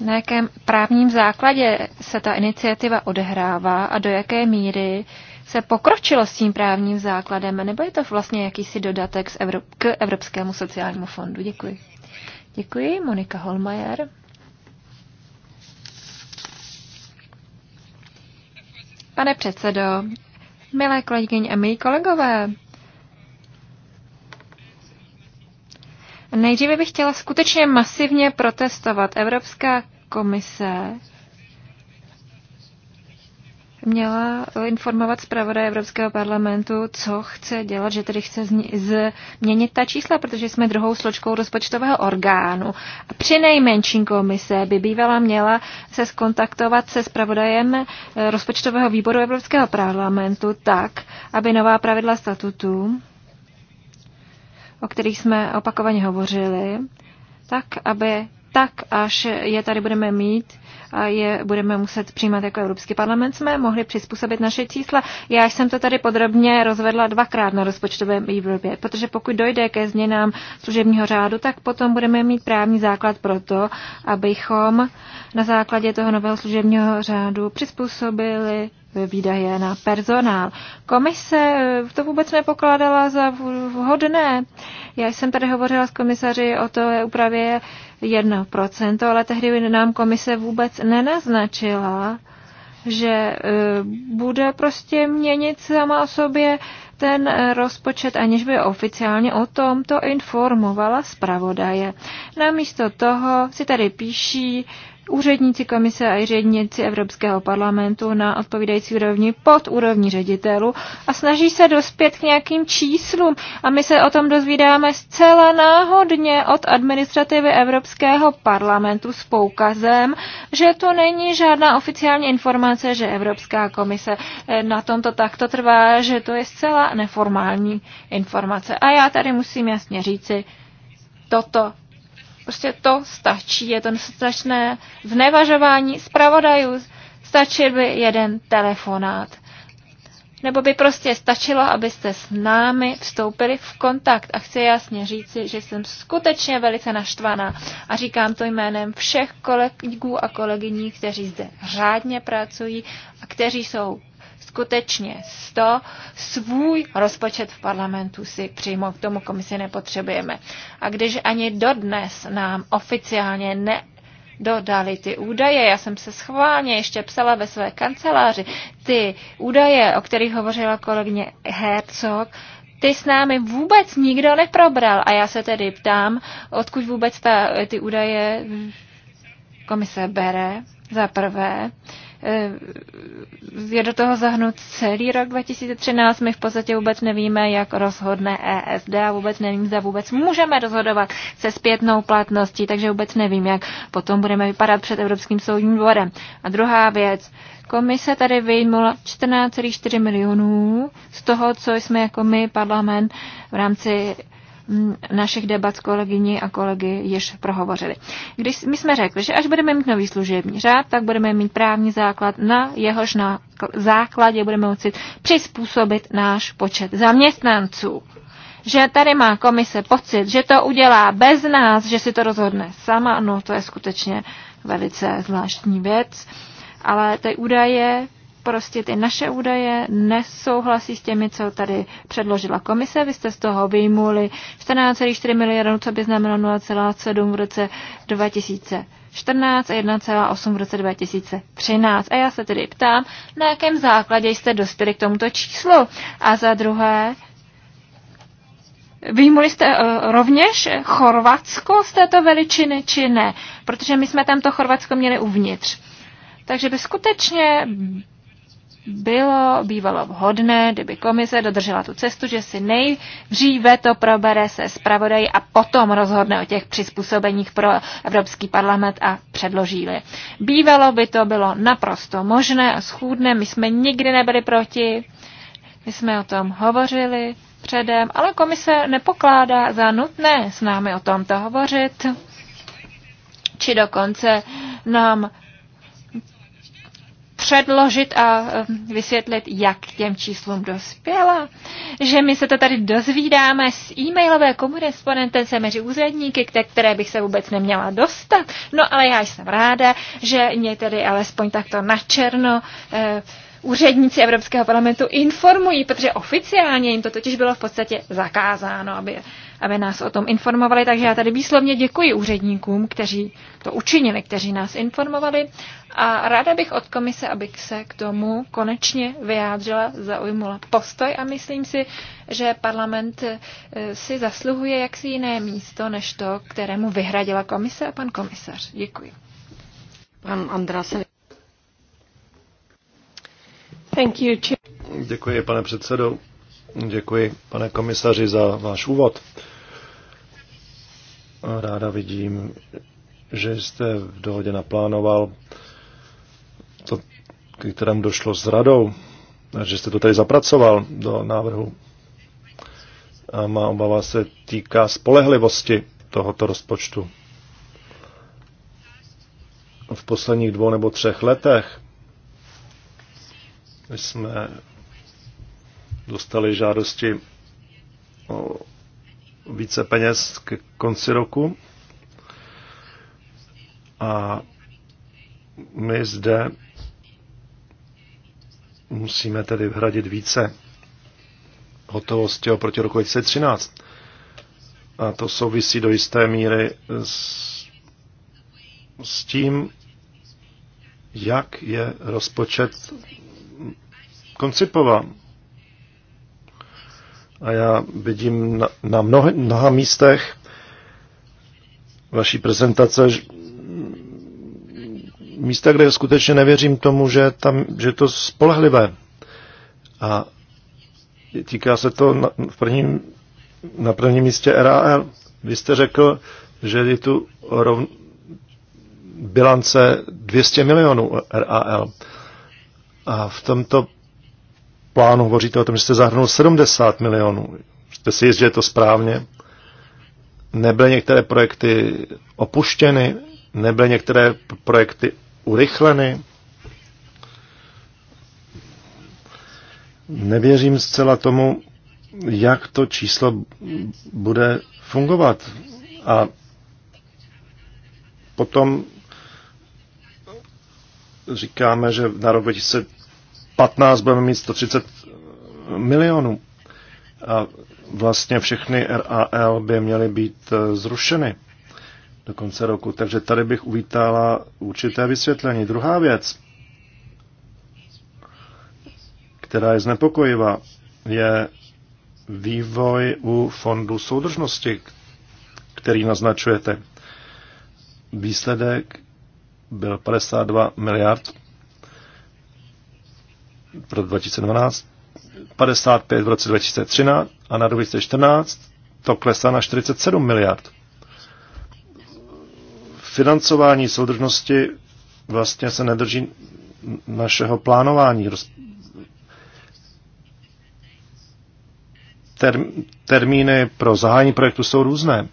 Na jakém právním základě se ta iniciativa odehrává a do jaké míry se pokročilo s tím právním základem, nebo je to vlastně jakýsi dodatek k Evropskému sociálnímu fondu? Děkuji. Děkuji, Monika Holmajer. Pane předsedo, milé kolegyně a milí kolegové, Nejdříve bych chtěla skutečně masivně protestovat. Evropská komise měla informovat zpravodaj Evropského parlamentu, co chce dělat, že tedy chce změnit ta čísla, protože jsme druhou složkou rozpočtového orgánu. A při nejmenším komise by bývala měla se skontaktovat se zpravodajem eh, rozpočtového výboru Evropského parlamentu tak, aby nová pravidla statutu o kterých jsme opakovaně hovořili, tak, aby tak, až je tady budeme mít a je budeme muset přijímat jako Evropský parlament, jsme mohli přizpůsobit naše čísla. Já jsem to tady podrobně rozvedla dvakrát na rozpočtovém výrobě, protože pokud dojde ke změnám služebního řádu, tak potom budeme mít právní základ pro to, abychom na základě toho nového služebního řádu přizpůsobili výdaje na personál. Komise eh, to vůbec nepokládala za vhodné. Já jsem tady hovořila s komisaři o to úpravě 1%, ale tehdy nám komise vůbec nenaznačila, že eh, bude prostě měnit sama o sobě ten eh, rozpočet, aniž by oficiálně o tomto informovala zpravodaje. Namísto toho si tady píší, úředníci komise a úředníci Evropského parlamentu na odpovídající úrovni pod úrovní ředitelů a snaží se dospět k nějakým číslům. A my se o tom dozvídáme zcela náhodně od administrativy Evropského parlamentu s poukazem, že to není žádná oficiální informace, že Evropská komise eh, na tomto takto trvá, že to je zcela neformální informace. A já tady musím jasně říci, toto Prostě to stačí, je to strašné znevažování zpravodajů. Stačil by jeden telefonát. Nebo by prostě stačilo, abyste s námi vstoupili v kontakt. A chci jasně říci, že jsem skutečně velice naštvaná. A říkám to jménem všech kolegů a kolegyní, kteří zde řádně pracují a kteří jsou skutečně 100, svůj rozpočet v parlamentu si přijmout. K tomu komisi nepotřebujeme. A když ani dodnes nám oficiálně ne, dodali ty údaje. Já jsem se schválně ještě psala ve své kanceláři. Ty údaje, o kterých hovořila kolegyně Herzog, ty s námi vůbec nikdo neprobral. A já se tedy ptám, odkud vůbec ta, ty údaje komise bere, za prvé. Uh, Eh, je do toho zahnut celý rok 2013. My v podstatě vůbec nevíme, jak rozhodne ESD a vůbec nevím, zda vůbec můžeme rozhodovat se zpětnou platností, takže vůbec nevím, jak potom budeme vypadat před Evropským soudním dvorem. A druhá věc, komise tady vyjmula 14,4 milionů z toho, co jsme jako my parlament v rámci Mm, našich debat s kolegyní a kolegy již prohovořili. Když my jsme řekli, že až budeme mít nový služební řád, tak budeme mít právní základ, na jehož na základě budeme moci přizpůsobit náš počet zaměstnanců. Že tady má komise pocit, že to udělá bez nás, že si to rozhodne sama, no to je skutečně velice zvláštní věc, ale ty údaje prostě ty naše údaje, nesouhlasí s těmi, co tady předložila komise. Vy jste z toho vyjmuli 14,4 miliardů, co by znamenalo 0,7 v roce 2014 a 1,8 v roce 2013. A já se tedy ptám, na jakém základě jste dospěli k tomuto číslu? A za druhé, výmuli jste eh, rovněž Chorvatsko z této veličiny, či ne? Protože my jsme tam to Chorvatsko měli uvnitř. Takže by skutečně bylo bývalo vhodné, kdyby komise dodržela tu cestu, že si nejdříve to probere se zpravodají a potom rozhodne o těch přizpůsobeních pro Evropský parlament a předloží je. Bývalo by to bylo naprosto možné a schůdné, my jsme nikdy nebyli proti, my jsme o tom hovořili předem, ale komise nepokládá za nutné s námi o tomto hovořit, či dokonce nám předložit a eh, vysvětlit, jak k těm číslům dospěla. Že my se to tady dozvídáme z e-mailové korespondence mezi úředníky, které bych se vůbec neměla dostat. No ale já jsem ráda, že mě tedy alespoň takto načerno eh, úředníci Evropského parlamentu informují, protože oficiálně jim to totiž bylo v podstatě zakázáno, aby aby nás o tom informovali. Takže já tady výslovně děkuji úředníkům, kteří to učinili, kteří nás informovali. A ráda bych od komise, abych se k tomu konečně vyjádřila, zaujmula postoj a myslím si, že parlament eh, si zasluhuje jaksi jiné místo, než to, kterému vyhradila komise a pan komisař. Děkuji. Pan Andrase. Thank you. Děkuji, pane předsedo. Děkuji, pane komisaři, za váš úvod. Ráda vidím, že jste v dohodě naplánoval to, k kterém došlo s radou, že jste to tady zapracoval do návrhu. A má obava se týká spolehlivosti tohoto rozpočtu. V posledních dvou nebo třech letech jsme dostali žádosti o více peněz k konci roku. A my zde musíme tedy vhradit více hotovosti oproti roku 2013. A to souvisí do jisté míry s, s tím, jak je rozpočet koncipován a já vidím na, na mnoha, mnoha místech vaší prezentace místa, kde skutečně nevěřím tomu, že, tam, že to spolehlivé. A týká se to na, v prvním, na prvním místě RAL. Vy jste řekl, že je tu rov, bilance 200 milionů RAL. A v tomto plánu hovoříte o tom, že jste zahrnul 70 milionů. Jste si jist, že je to správně? Nebyly některé projekty opuštěny? Nebyly některé projekty urychleny? Nevěřím zcela tomu, jak to číslo bude fungovat. A potom říkáme, že na rok 2000 15 budeme mít 130 milionů. A vlastně všechny RAL by měly být e, zrušeny do konce roku. Takže tady bych uvítala určité vysvětlení. Druhá věc, která je znepokojivá, je vývoj u fondu soudržnosti, který naznačujete. Výsledek byl 52 miliard v roce 2012, 55 v roce 2013 a na 2014 to klesá na 47 miliard. Financování soudržnosti vlastně se nedrží našeho plánování. Termíny pro zahájení projektu jsou různé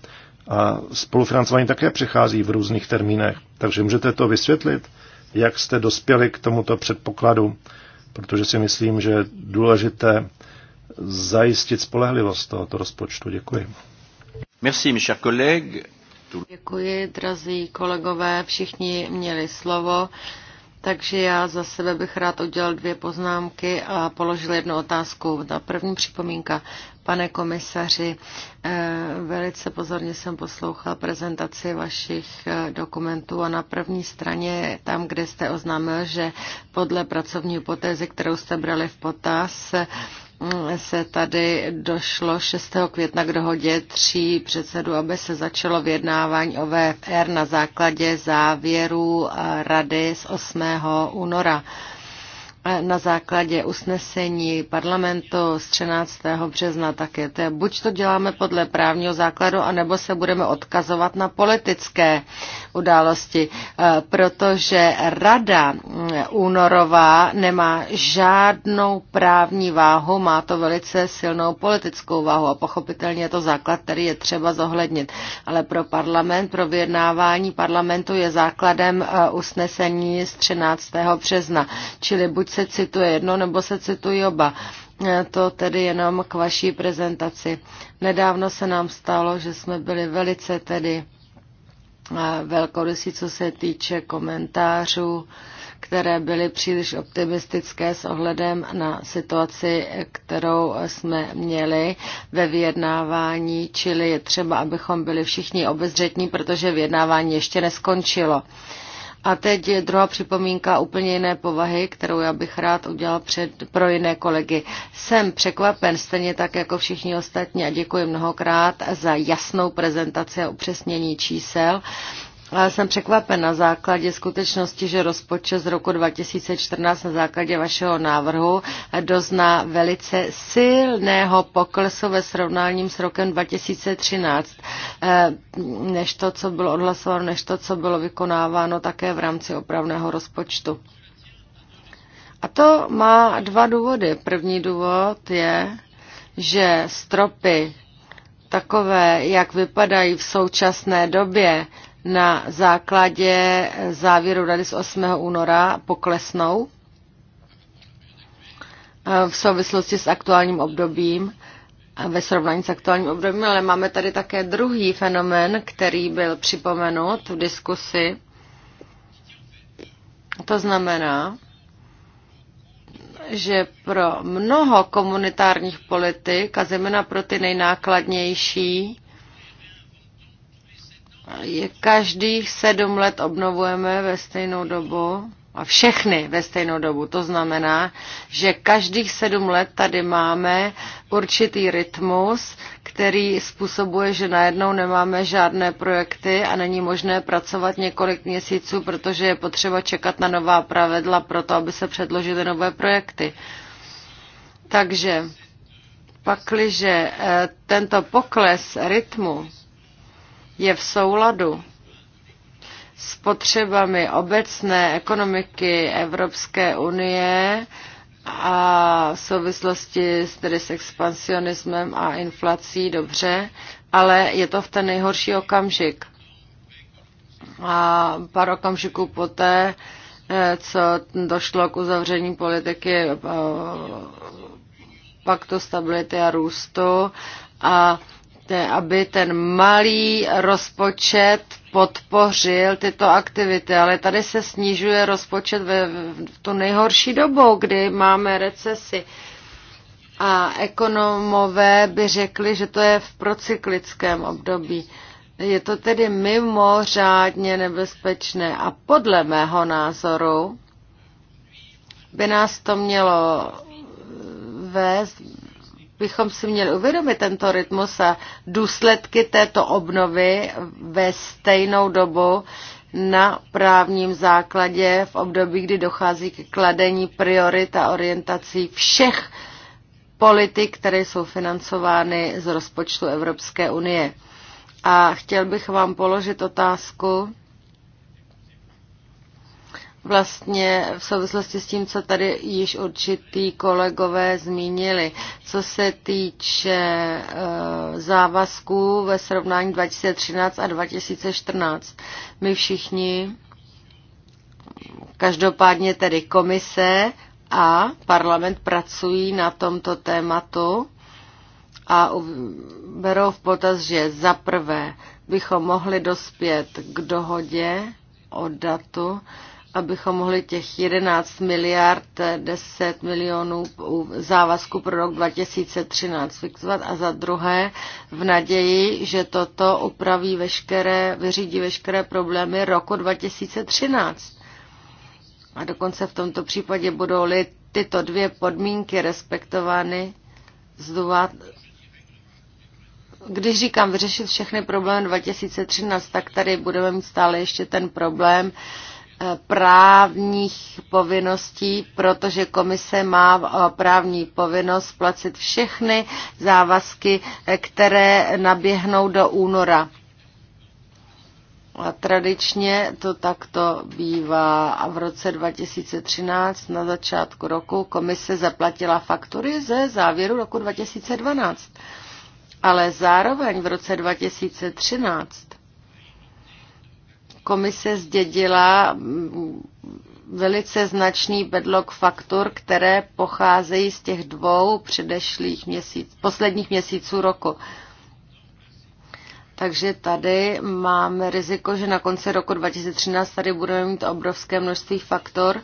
a spolufinancování také přichází v různých termínech. Takže můžete to vysvětlit, jak jste dospěli k tomuto předpokladu protože si myslím, že je důležité zajistit spolehlivost tohoto rozpočtu. Děkuji. Merci, mes chers collègues. Děkuji, drazí kolegové, všichni měli slovo, takže já za sebe bych rád udělal dvě poznámky a položil jednu otázku. Ta první připomínka. Pane komisaři, eh, velice pozorně jsem poslouchal prezentaci vašich eh, dokumentů a na první straně, tam, kde jste oznámil, že podle pracovní hypotézy, kterou jste brali v potaz, mm, se tady došlo 6. května k dohodě tří předsedů, aby se začalo vyjednávání o VFR na základě závěrů eh, Rady z 8. února na základě usnesení parlamentu z 13. března také. To je, buď to děláme podle právního základu, anebo se budeme odkazovat na politické události, eh, protože rada únorová nemá žádnou právní váhu, má to velice silnou politickou váhu a pochopitelně je to základ, který je třeba zohlednit. Ale pro parlament, pro vyjednávání parlamentu je základem eh, usnesení z 13. března. Čili buď se cituje jedno, nebo se citují oba. Eh, to tedy jenom k vaší prezentaci. Nedávno se nám stalo, že jsme byli velice tedy eh, velkorysí, co se týče komentářů které byly příliš optimistické s ohledem na situaci, kterou jsme měli ve vyjednávání, čili je třeba, abychom byli všichni obezřetní, protože vyjednávání ještě neskončilo. A teď je druhá připomínka úplně jiné povahy, kterou já bych rád udělal před, pro jiné kolegy. Jsem překvapen, stejně tak jako všichni ostatní, a děkuji mnohokrát za jasnou prezentaci a upřesnění čísel. Ale jsem překvapen na základě skutečnosti, že rozpočet z roku 2014 na základě vašeho návrhu dozná velice silného poklesu ve srovnání s rokem 2013, eh, než to, co bylo odhlasováno, než to, co bylo vykonáváno také v rámci opravného rozpočtu. A to má dva důvody. První důvod je, že stropy takové, jak vypadají v současné době, na základě závěru rady z 8. února poklesnou eh, v souvislosti s aktuálním obdobím a eh, ve srovnání s aktuálním obdobím, ale máme tady také druhý fenomen, který byl připomenut v diskusi. To znamená, že pro mnoho komunitárních politik a zejména pro ty nejnákladnější je každých sedm let obnovujeme ve stejnou dobu a všechny ve stejnou dobu. To znamená, že každých sedm let tady máme určitý rytmus, který způsobuje, že najednou nemáme žádné projekty a není možné pracovat několik měsíců, protože je potřeba čekat na nová pravidla pro to, aby se předložily nové projekty. Takže pakliže eh, tento pokles rytmu je v souladu s potřebami obecné ekonomiky Evropské unie a v souvislosti s, tedy s expansionismem a inflací dobře, ale je to v ten nejhorší okamžik. A pár okamžiků poté, eh, co došlo k uzavření politiky eh, paktu stability a růstu a aby ten malý rozpočet podpořil tyto aktivity, ale tady se snižuje rozpočet ve, v tu nejhorší dobu, kdy máme recesi. A ekonomové by řekli, že to je v procyklickém období. Je to tedy mimořádně nebezpečné a podle mého názoru by nás to mělo vést bychom si měli uvědomit tento rytmus a důsledky této obnovy ve stejnou dobu na právním základě v období, kdy dochází k kladení priorit a orientací všech politik, které jsou financovány z rozpočtu Evropské unie. A chtěl bych vám položit otázku, vlastně v souvislosti s tím, co tady již určitý kolegové zmínili. Co se týče eh, závazků ve srovnání 2013 a 2014, my všichni, každopádně tedy komise a parlament pracují na tomto tématu a berou v potaz, že zaprvé bychom mohli dospět k dohodě o datu, abychom mohli těch 11 miliard 10 milionů závazku pro rok 2013 fixovat a za druhé v naději, že toto upraví veškeré, vyřídí veškeré problémy roku 2013. A dokonce v tomto případě budou-li tyto dvě podmínky respektovány, zduvat, když říkám vyřešit všechny problémy 2013, tak tady budeme mít stále ještě ten problém, Eh, právních povinností, protože komise má eh, právní povinnost splacit všechny závazky, eh, které naběhnou do února. A tradičně to takto bývá a v roce 2013 na začátku roku komise zaplatila faktury ze závěru roku 2012. Ale zároveň v roce 2013 Komise zdědila mm, velice značný bedlok faktur, které pocházejí z těch dvou předešlých měsíc, posledních měsíců roku. Takže tady máme riziko, že na konci roku 2013 tady budeme mít obrovské množství faktor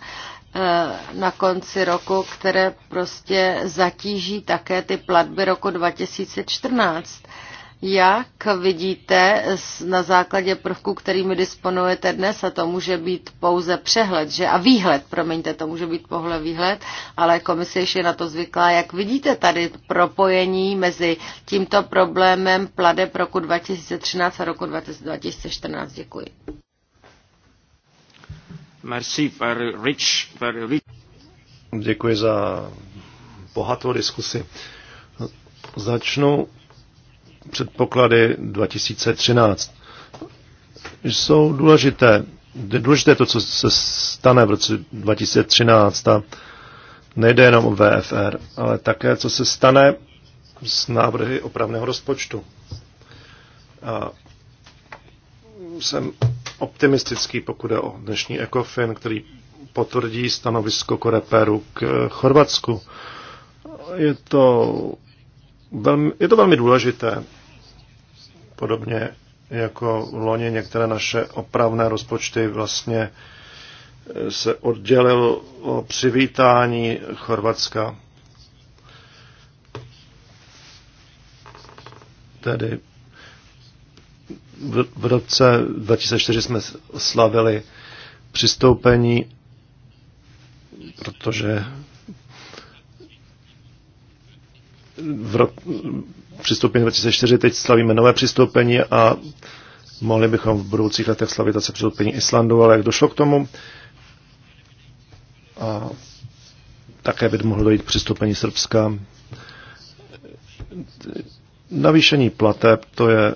eh, na konci roku, které prostě zatíží také ty platby roku 2014. Jak vidíte na základě prvků, kterými disponujete dnes, a to může být pouze přehled, že a výhled, promiňte, to může být pohle výhled, ale komise ještě na to zvyklá. Jak vidíte tady propojení mezi tímto problémem pladeb roku 2013 a roku 2014? Děkuji. Merci, very rich, very rich. Děkuji za bohatou diskusi. Začnu předpoklady 2013 jsou důležité. Důležité to, co se stane v roce 2013 a nejde jenom o VFR, ale také, co se stane s návrhy opravného rozpočtu. A jsem optimistický, pokud je o dnešní ECOFIN, který potvrdí stanovisko Koreperu k Chorvatsku. Je to velmi, je to velmi důležité, podobně jako loni některé naše opravné rozpočty vlastně e, se oddělil o přivítání Chorvatska. Tedy v roce 2004 jsme slavili přistoupení, protože v ro- přistoupení 2004, teď slavíme nové přistoupení a mohli bychom v budoucích letech slavit zase přistoupení Islandu, ale jak došlo k tomu, a také by mohlo dojít přistoupení Srbska. Navýšení plateb, to je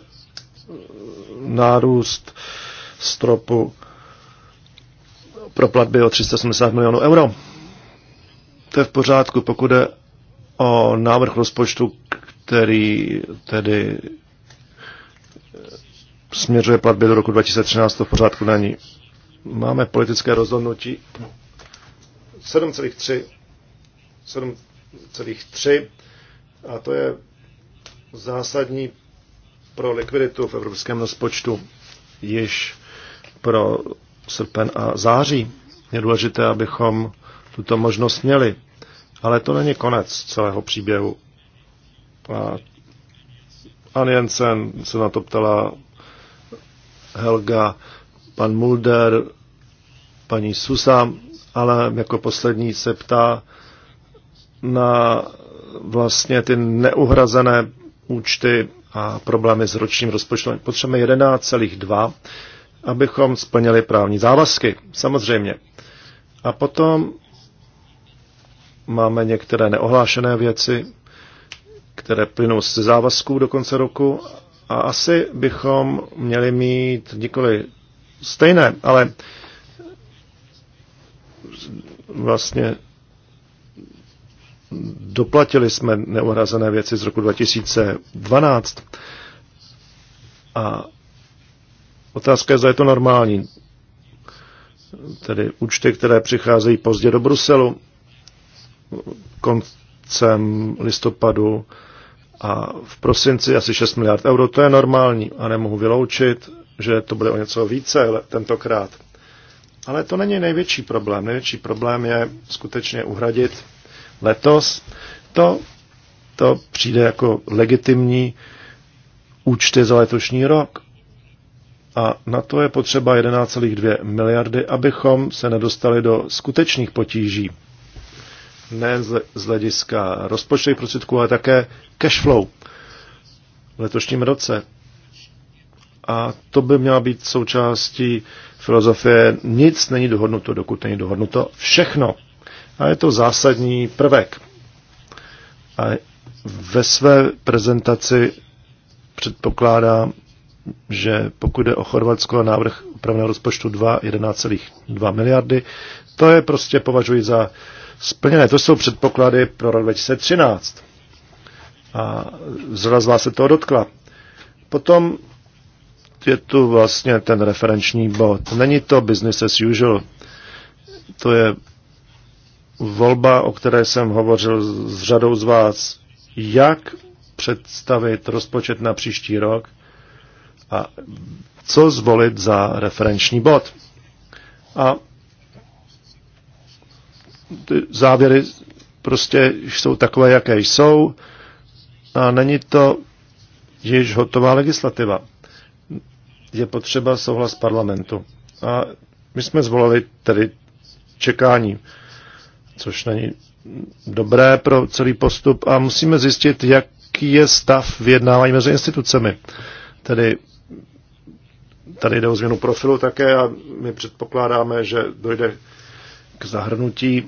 nárůst stropu pro platby o 370 milionů euro. To je v pořádku, pokud je o návrh rozpočtu, který tedy eh, směřuje platby do roku 2013, to v pořádku ní. Máme politické rozhodnutí 7,3 7,3 a to je zásadní pro likviditu v evropském rozpočtu již pro srpen a září. Je důležité, abychom tuto možnost měli. Ale to není konec celého příběhu. A Ann Jensen se na to ptala Helga, pan Mulder, paní Susa, ale jako poslední se ptá na vlastně ty neuhrazené účty a problémy s ročním rozpočtem. Potřebujeme 11,2, abychom splnili právní závazky, samozřejmě. A potom Máme některé neohlášené věci, které plynou ze závazků do konce roku a asi bychom měli mít nikoli stejné, ale vlastně doplatili jsme neuhrazené věci z roku 2012 a otázka je, zda je to normální. Tedy účty, které přicházejí pozdě do Bruselu, koncem listopadu a v prosinci asi 6 miliard euro. To je normální a nemohu vyloučit, že to bude o něco více tentokrát. Ale to není největší problém. Největší problém je skutečně uhradit letos. To, to přijde jako legitimní účty za letošní rok. A na to je potřeba 11,2 miliardy, abychom se nedostali do skutečných potíží nejen z hlediska rozpočtových prostředků, ale také cash flow v letošním roce. A to by měla být součástí filozofie nic není dohodnuto, dokud není dohodnuto všechno. A je to zásadní prvek. A ve své prezentaci předpokládá, že pokud je o Chorvatsko návrh upraveného rozpočtu 2, 11,2 miliardy, to je prostě považuji za splněné. To jsou předpoklady pro rok 2013. A zrovna z vás se toho dotkla. Potom je tu vlastně ten referenční bod. Není to business as usual. To je volba, o které jsem hovořil s řadou z vás, jak představit rozpočet na příští rok a co zvolit za referenční bod. A závěry prostě jsou takové, jaké jsou a není to již hotová legislativa. Je potřeba souhlas parlamentu. A my jsme zvolili tedy čekání, což není dobré pro celý postup a musíme zjistit, jaký je stav vyjednávání mezi institucemi. Tedy tady jde o změnu profilu také a my předpokládáme, že dojde k zahrnutí eh,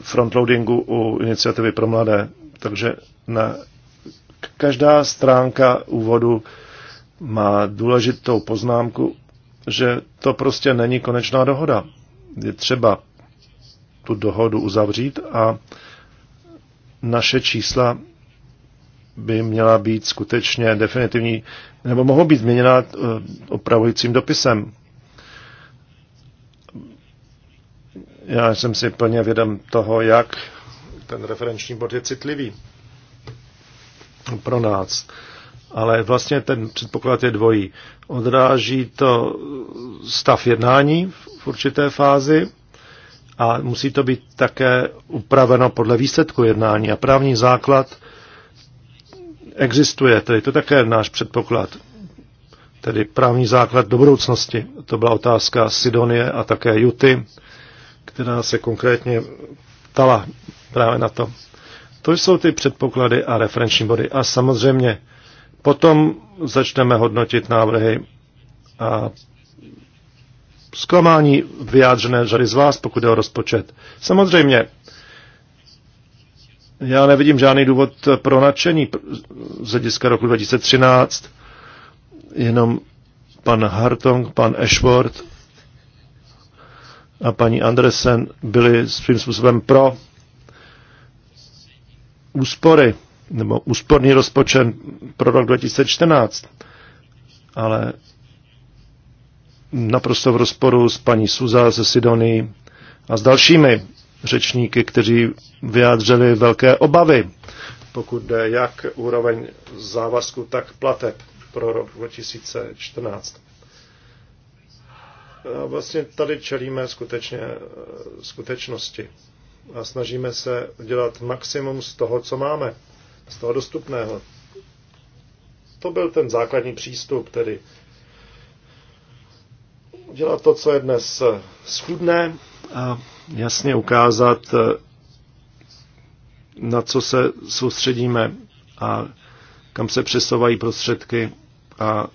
frontloadingu u iniciativy pro mladé. Takže na každá stránka úvodu má důležitou poznámku, že to prostě není konečná dohoda. Je třeba tu dohodu uzavřít a naše čísla by měla být skutečně definitivní, nebo mohou být změněna eh, opravujícím dopisem. Já jsem si plně vědom toho, jak ten referenční bod je citlivý pro nás. Ale vlastně ten předpoklad je dvojí. Odráží to stav jednání v určité fázi a musí to být také upraveno podle výsledku jednání. A právní základ existuje, tedy to také je náš předpoklad. Tedy právní základ do budoucnosti. To byla otázka Sidonie a také Juty která se konkrétně ptala právě na to. To jsou ty předpoklady a referenční body. A samozřejmě potom začneme hodnotit návrhy a zklamání vyjádřené řady z vás, pokud je o rozpočet. Samozřejmě, já nevidím žádný důvod pro nadšení z hlediska roku 2013, jenom pan Hartong, pan Ashworth a paní Andresen byli svým způsobem pro úspory nebo úsporný rozpočet pro rok 2014, ale naprosto v rozporu s paní Suza ze Sidonii a s dalšími řečníky, kteří vyjádřili velké obavy, pokud jde jak úroveň závazku, tak plateb pro rok 2014. A vlastně tady čelíme skutečně eh, skutečnosti a snažíme se dělat maximum z toho, co máme, z toho dostupného. To byl ten základní přístup, tedy dělat to, co je dnes eh, schudné a jasně ukázat, eh, na co se soustředíme a kam se přesouvají prostředky a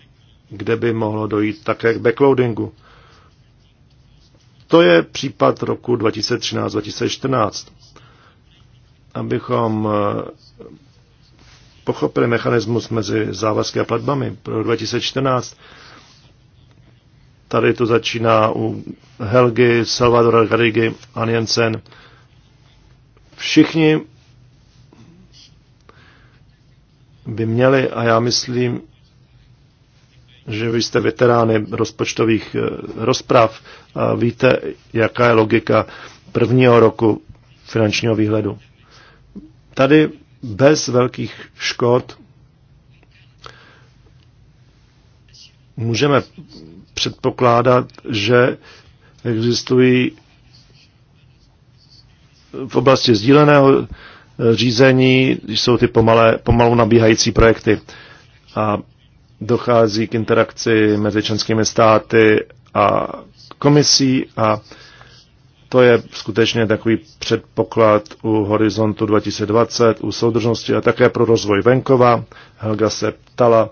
kde by mohlo dojít také k backloadingu. To je případ roku 2013-2014. Abychom eh, pochopili mechanismus mezi závazky a platbami pro 2014, tady to začíná u Helgy, Salvadora Garrigy, Anjensen. Všichni by měli, a já myslím, že vy jste veterány rozpočtových eh, rozprav a víte, jaká je logika prvního roku finančního výhledu. Tady bez velkých škod můžeme předpokládat, že existují v oblasti sdíleného eh, řízení jsou ty pomalé, pomalu nabíhající projekty. A dochází k interakci mezi členskými státy a komisí a to je skutečně takový předpoklad u Horizontu 2020, u soudržnosti a také pro rozvoj venkova. Helga se ptala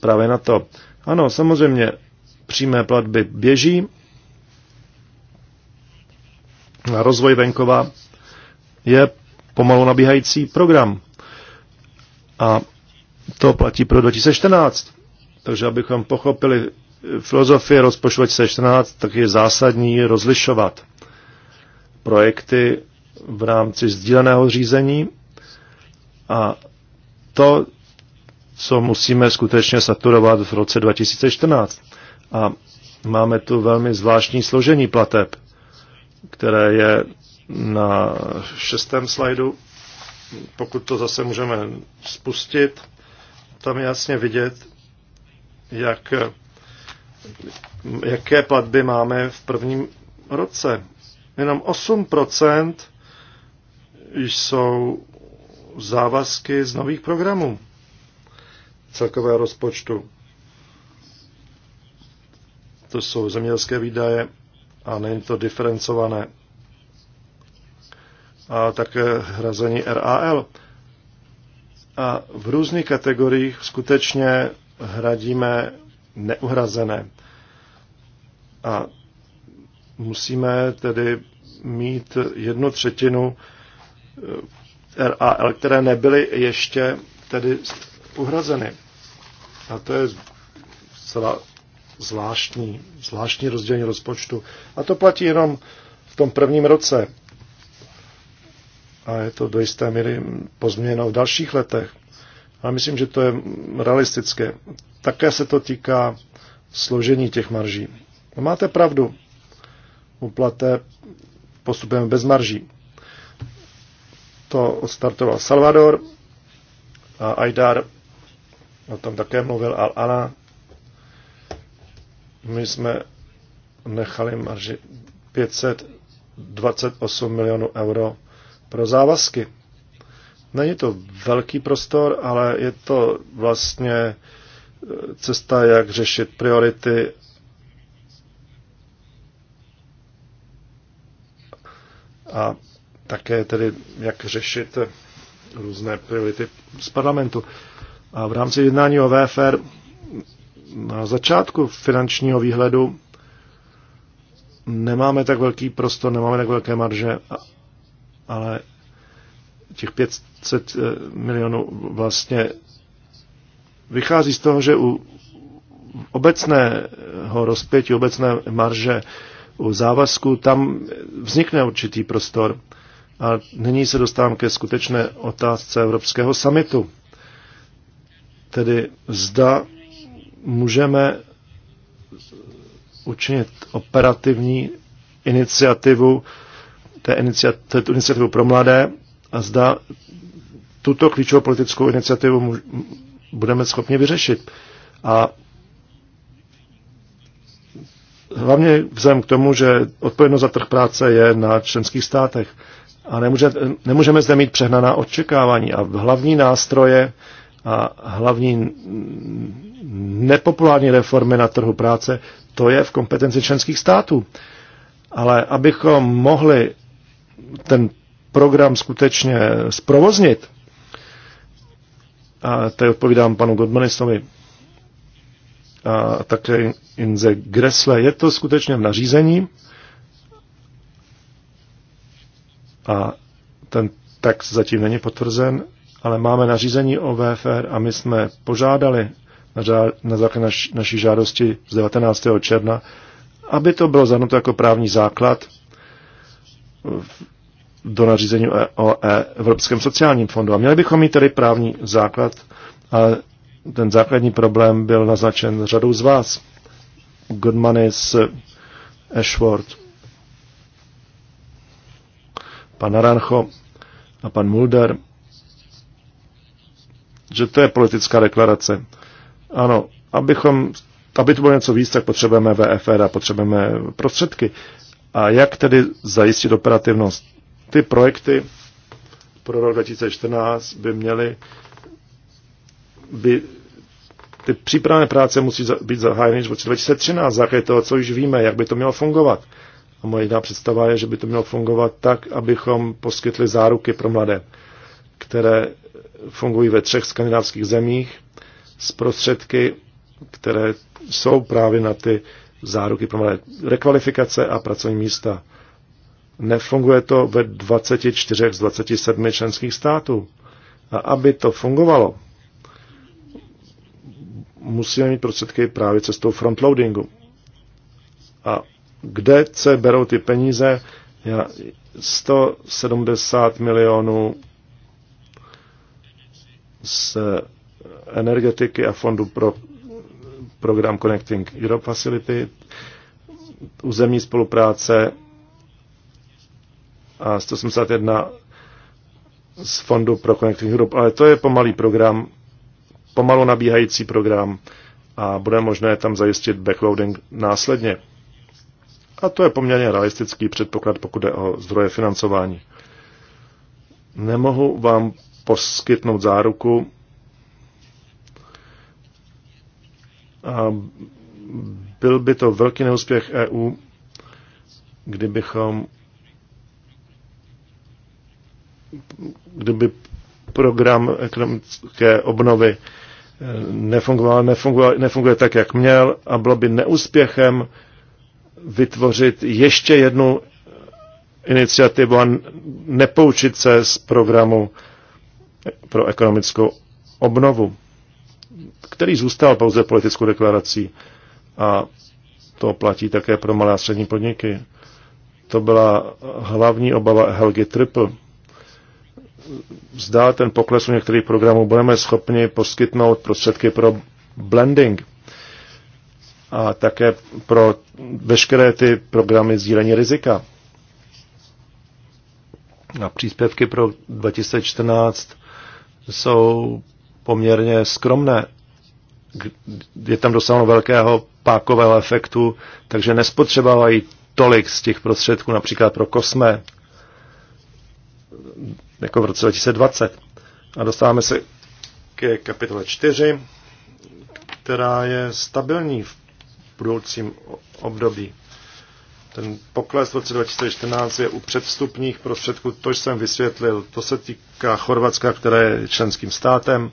právě na to. Ano, samozřejmě přímé platby běží na rozvoj venkova je pomalu nabíhající program. A to platí pro 2014. Takže abychom pochopili filozofii se 14, tak je zásadní rozlišovat projekty v rámci sdíleného řízení a to, co musíme skutečně saturovat v roce 2014. A máme tu velmi zvláštní složení plateb, které je na šestém slajdu. Pokud to zase můžeme spustit, tam je jasně vidět, jak, jaké platby máme v prvním roce. Jenom 8% jsou závazky z nových programů celkového rozpočtu. To jsou zemědělské výdaje a není to diferencované. A také hrazení RAL. A v různých kategoriích skutečně hradíme neuhrazené. A musíme tedy mít jednu třetinu eh, RAL, které nebyly ještě tedy uhrazeny. A to je zcela zvláštní, zvláštní rozdělení rozpočtu. A to platí jenom v tom prvním roce. A je to do jisté míry pozměněno v dalších letech. A myslím, že to je realistické. Také se to týká složení těch marží. No máte pravdu. uplaté plate postupujeme bez marží. To odstartoval Salvador a Aidar o tom také mluvil Al Ana. My jsme nechali marži 528 milionů euro pro závazky. Není to velký prostor, ale je to vlastně eh, cesta, jak řešit priority a také tedy, jak řešit různé priority z parlamentu. A v rámci jednání o VFR na začátku finančního výhledu nemáme tak velký prostor, nemáme tak velké marže, ale těch 500 eh, milionů vlastně vychází z toho, že u obecného rozpětí, obecné marže, u závazku, tam vznikne určitý prostor. A nyní se dostávám ke skutečné otázce Evropského samitu. Tedy zda můžeme učinit operativní iniciativu, té iniciativu, pro mladé, a zda tuto klíčovou politickou iniciativu budeme schopni vyřešit. A hlavně vzhledem k tomu, že odpovědnost za trh práce je na členských státech. A nemůže, nemůžeme zde mít přehnaná očekávání. A hlavní nástroje a hlavní nepopulární reformy na trhu práce, to je v kompetenci členských států. Ale abychom mohli ten program skutečně zprovoznit. A tady odpovídám panu Godmanistovi a také Inze Gressle. Je to skutečně v nařízení a ten text zatím není potvrzen, ale máme nařízení o VFR a my jsme požádali na, na základě naš, naší žádosti z 19. června, aby to bylo zahrnuto jako právní základ do nařízení o e, Evropském sociálním fondu. A měli bychom mít tedy právní základ, ale ten základní problém byl naznačen řadou z vás. Goodmanis, Ashford, pan Arancho a pan Mulder, že to je politická deklarace. Ano, abychom, aby to bylo něco víc, tak potřebujeme VFR a potřebujeme prostředky. A jak tedy zajistit operativnost? Ty projekty pro rok 2014 by měly by ty přípravné práce musí být zahájeny v roce 2013, základě toho, co už víme, jak by to mělo fungovat. A moje jediná představa je, že by to mělo fungovat tak, abychom poskytli záruky pro mladé, které fungují ve třech skandinávských zemích z prostředky, které jsou právě na ty záruky pro mladé rekvalifikace a pracovní místa. Nefunguje to ve 24 z 27 členských států. A aby to fungovalo, musíme mít prostředky právě cestou frontloadingu. A kde se berou ty peníze? 170 milionů z energetiky a fondu pro program Connecting Europe Facility, územní spolupráce a 181 z Fondu pro Connecting Europe, ale to je pomalý program, pomalu nabíhající program a bude možné tam zajistit backloading následně. A to je poměrně realistický předpoklad, pokud jde o zdroje financování. Nemohu vám poskytnout záruku, a byl by to velký neúspěch EU, kdybychom kdyby program ekonomické obnovy eh, nefungoval, nefungoval, nefunguje tak, jak měl a bylo by neúspěchem vytvořit ještě jednu iniciativu a nepoučit se z programu pro ekonomickou obnovu, který zůstal pouze politickou deklarací. A to platí také pro malé a střední podniky. To byla hlavní obava Helgi Triple zdá ten pokles u některých programů budeme schopni poskytnout prostředky pro blending a také pro veškeré ty programy sdílení rizika. A příspěvky pro 2014 jsou poměrně skromné. Je tam dosáhno velkého pákového efektu, takže nespotřebávají tolik z těch prostředků, například pro kosme jako v roce 2020. A dostáváme se ke kapitole 4, která je stabilní v budoucím období. Ten pokles v roce 2014 je u předstupních prostředků, to jsem vysvětlil. To se týká Chorvatska, které je členským státem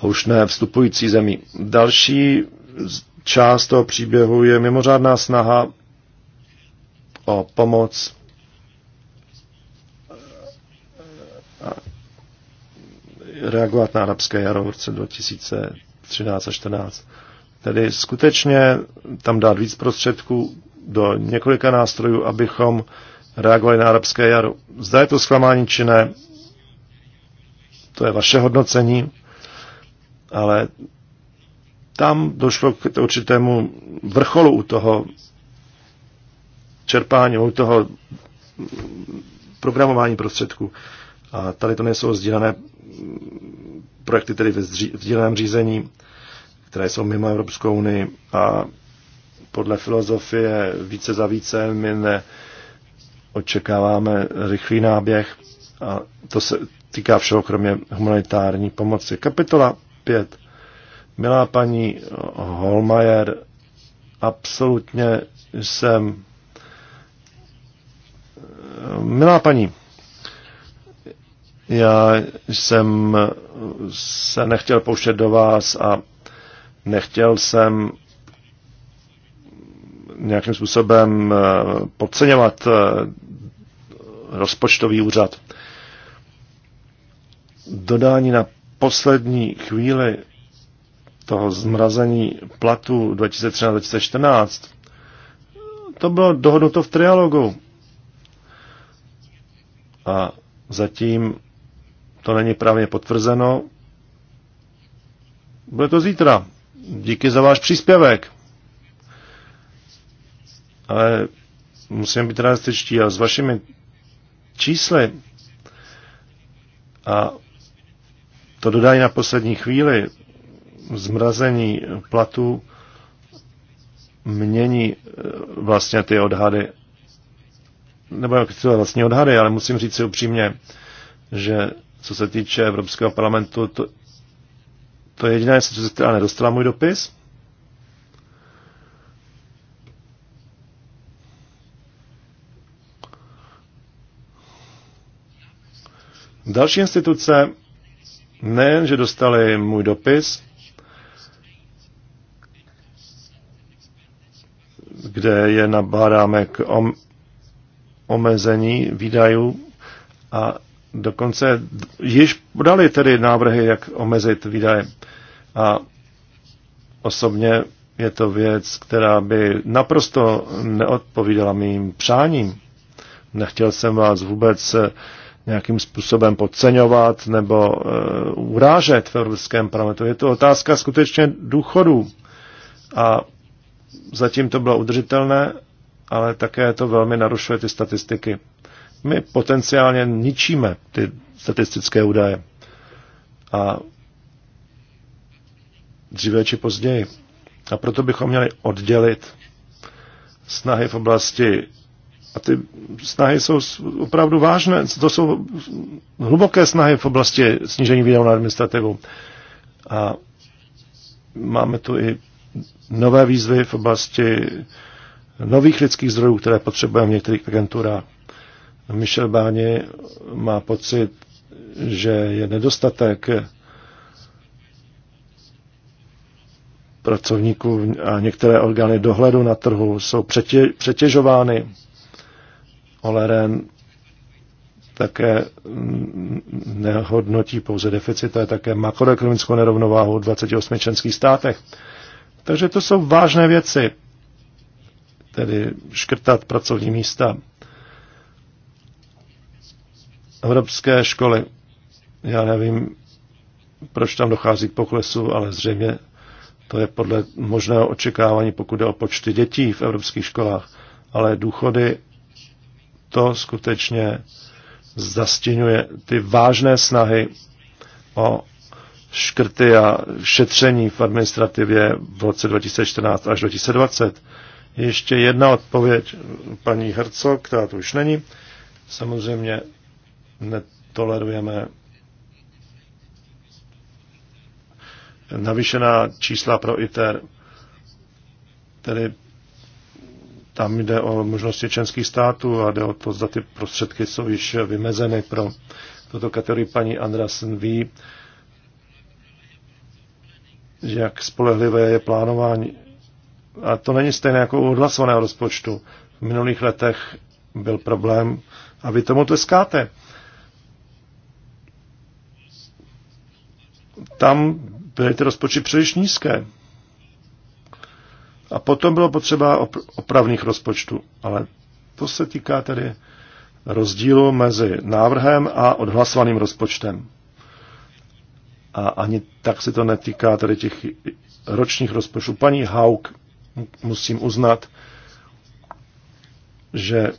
a už ne vstupující zemí. Další část toho příběhu je mimořádná snaha o pomoc reagovat na arabské jaro v roce 2013 a 14. Tedy skutečně tam dát víc prostředků do několika nástrojů, abychom reagovali na arabské jaro. Zda je to zklamání či ne, to je vaše hodnocení, ale tam došlo k určitému vrcholu u toho čerpání, u toho programování prostředků. A tady to nejsou sdílené projekty tedy v sdíleném řízení, které jsou mimo Evropskou unii a podle filozofie více za více my ne očekáváme rychlý náběh a to se týká všeho kromě humanitární pomoci. Kapitola 5. Milá paní Holmajer, absolutně jsem Milá paní, já jsem se nechtěl pouštět do vás a nechtěl jsem nějakým způsobem eh, podceňovat eh, rozpočtový úřad. Dodání na poslední chvíli toho zmrazení platu 2013-2014, to bylo dohodnuto v trialogu. A zatím to není právě potvrzeno. Bude to zítra. Díky za váš příspěvek. Ale musím být realističtí a s vašimi čísly a to dodají na poslední chvíli zmrazení platu mění eh, vlastně ty odhady. Nebo jak to vlastně odhady, ale musím říct si upřímně, že co se týče Evropského parlamentu, to, to je jediná instituce, která nedostala můj dopis. Další instituce nejen, že dostali můj dopis, kde je nabádáme k omezení výdajů a dokonce již podali tedy návrhy, jak omezit výdaje. A osobně je to věc, která by naprosto neodpovídala mým přáním. Nechtěl jsem vás vůbec eh, nějakým způsobem podceňovat nebo uh, urážet v Evropském parlamentu. Je to otázka skutečně důchodů. A zatím to bylo udržitelné, ale také to velmi narušuje ty statistiky my potenciálně ničíme ty statistické údaje. A dříve či později. A proto bychom měli oddělit snahy v oblasti a ty snahy jsou opravdu vážné. To jsou hluboké snahy v oblasti snížení výdajů na administrativu. A máme tu i nové výzvy v oblasti nových lidských zdrojů, které potřebujeme v některých agenturách. Michel Báni má pocit, že je nedostatek pracovníků a některé orgány dohledu na trhu jsou přetě, přetěžovány. Oleren také nehodnotí pouze deficit, ale také makroekonomickou nerovnováhu v 28 členských státech. Takže to jsou vážné věci, tedy škrtat pracovní místa Evropské školy. Já nevím, proč tam dochází k poklesu, ale zřejmě to je podle možného očekávání, pokud jde o počty dětí v evropských školách. Ale důchody to skutečně zastěňuje ty vážné snahy o škrty a šetření v administrativě v roce 2014 až 2020. Ještě jedna odpověď paní Herco, která tu už není. Samozřejmě netolerujeme navyšená čísla pro ITER, tedy tam jde o možnosti členských států a jde o to, zda ty prostředky jsou již vymezeny pro tuto kategorii. Paní Andrasen ví, jak spolehlivé je plánování. A to není stejné jako u odhlasovaného rozpočtu. V minulých letech byl problém a vy tomu tleskáte. tam byly ty rozpočty příliš nízké. A potom bylo potřeba opravných rozpočtů. Ale to se týká tedy rozdílu mezi návrhem a odhlasovaným rozpočtem. A ani tak se to netýká tedy těch ročních rozpočtů. Paní Hauk, musím uznat, že,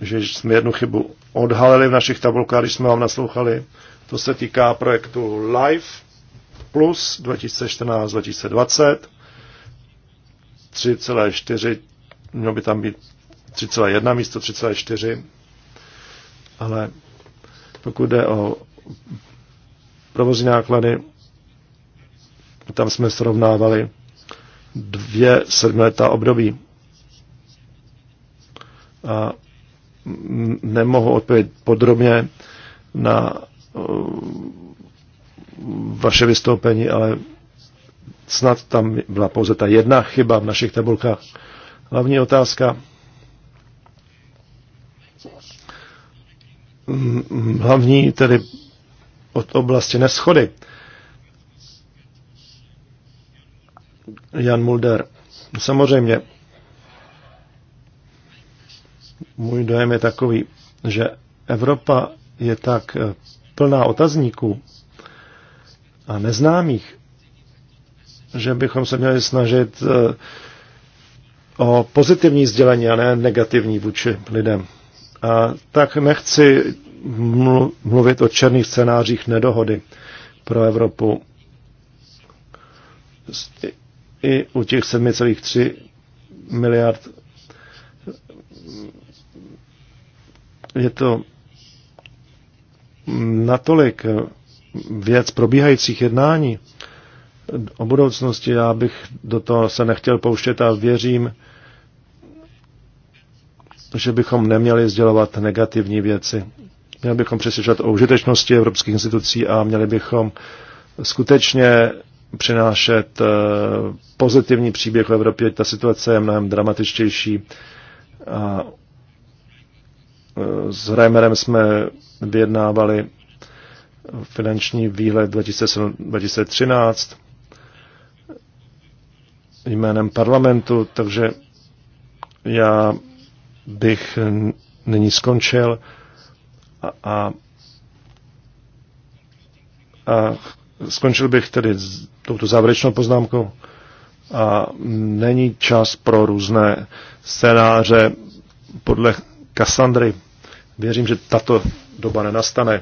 že jsme jednu chybu odhalili v našich tabulkách, když jsme vám naslouchali to se týká projektu LIFE plus 2014-2020. 3,4, mělo by tam být 3,1 místo 3,4, ale pokud jde o provozní náklady, tam jsme srovnávali dvě sedmletá období. A nemohu odpovědět podrobně na Eh, vaše vystoupení, ale snad tam byla pouze ta jedna chyba v našich tabulkách. Hlavní otázka. Mm, hlavní tedy od oblasti neschody. Jan Mulder. Samozřejmě. Můj dojem je takový, že Evropa je tak eh, plná otazníků a neznámých, že bychom se měli snažit eh, o pozitivní sdělení a ne negativní vůči lidem. A tak nechci mluvit o černých scénářích nedohody pro Evropu. I u těch 7,3 miliard je to natolik věc probíhajících jednání o budoucnosti. Já bych do toho se nechtěl pouštět a věřím, že bychom neměli sdělovat negativní věci. Měli bychom přesvědčovat o užitečnosti evropských institucí a měli bychom skutečně přinášet eh, pozitivní příběh v Evropě. Ta situace je mnohem dramatičtější a s Reimerem jsme vyjednávali finanční výhled 2013 jménem parlamentu, takže já bych nyní skončil a, a, a skončil bych tedy s touto závěrečnou poznámkou a není čas pro různé scénáře podle Kassandry. Věřím, že tato doba nenastane.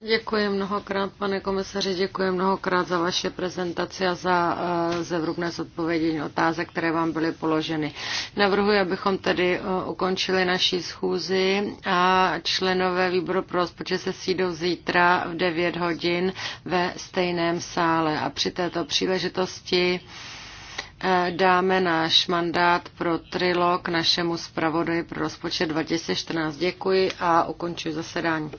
Děkuji mnohokrát, pane komisaři, děkuji mnohokrát za vaše prezentaci a za eh, zevrubné zodpovědění otázek, které vám byly položeny. Navrhuji, abychom tedy eh, ukončili naší schůzi a členové výboru pro rozpočet se sídou zítra v 9 hodin ve stejném sále. A při této příležitosti Eh, dáme náš mandát pro trilog našemu zpravodaji pro rozpočet 2014. Děkuji a ukončuji zasedání.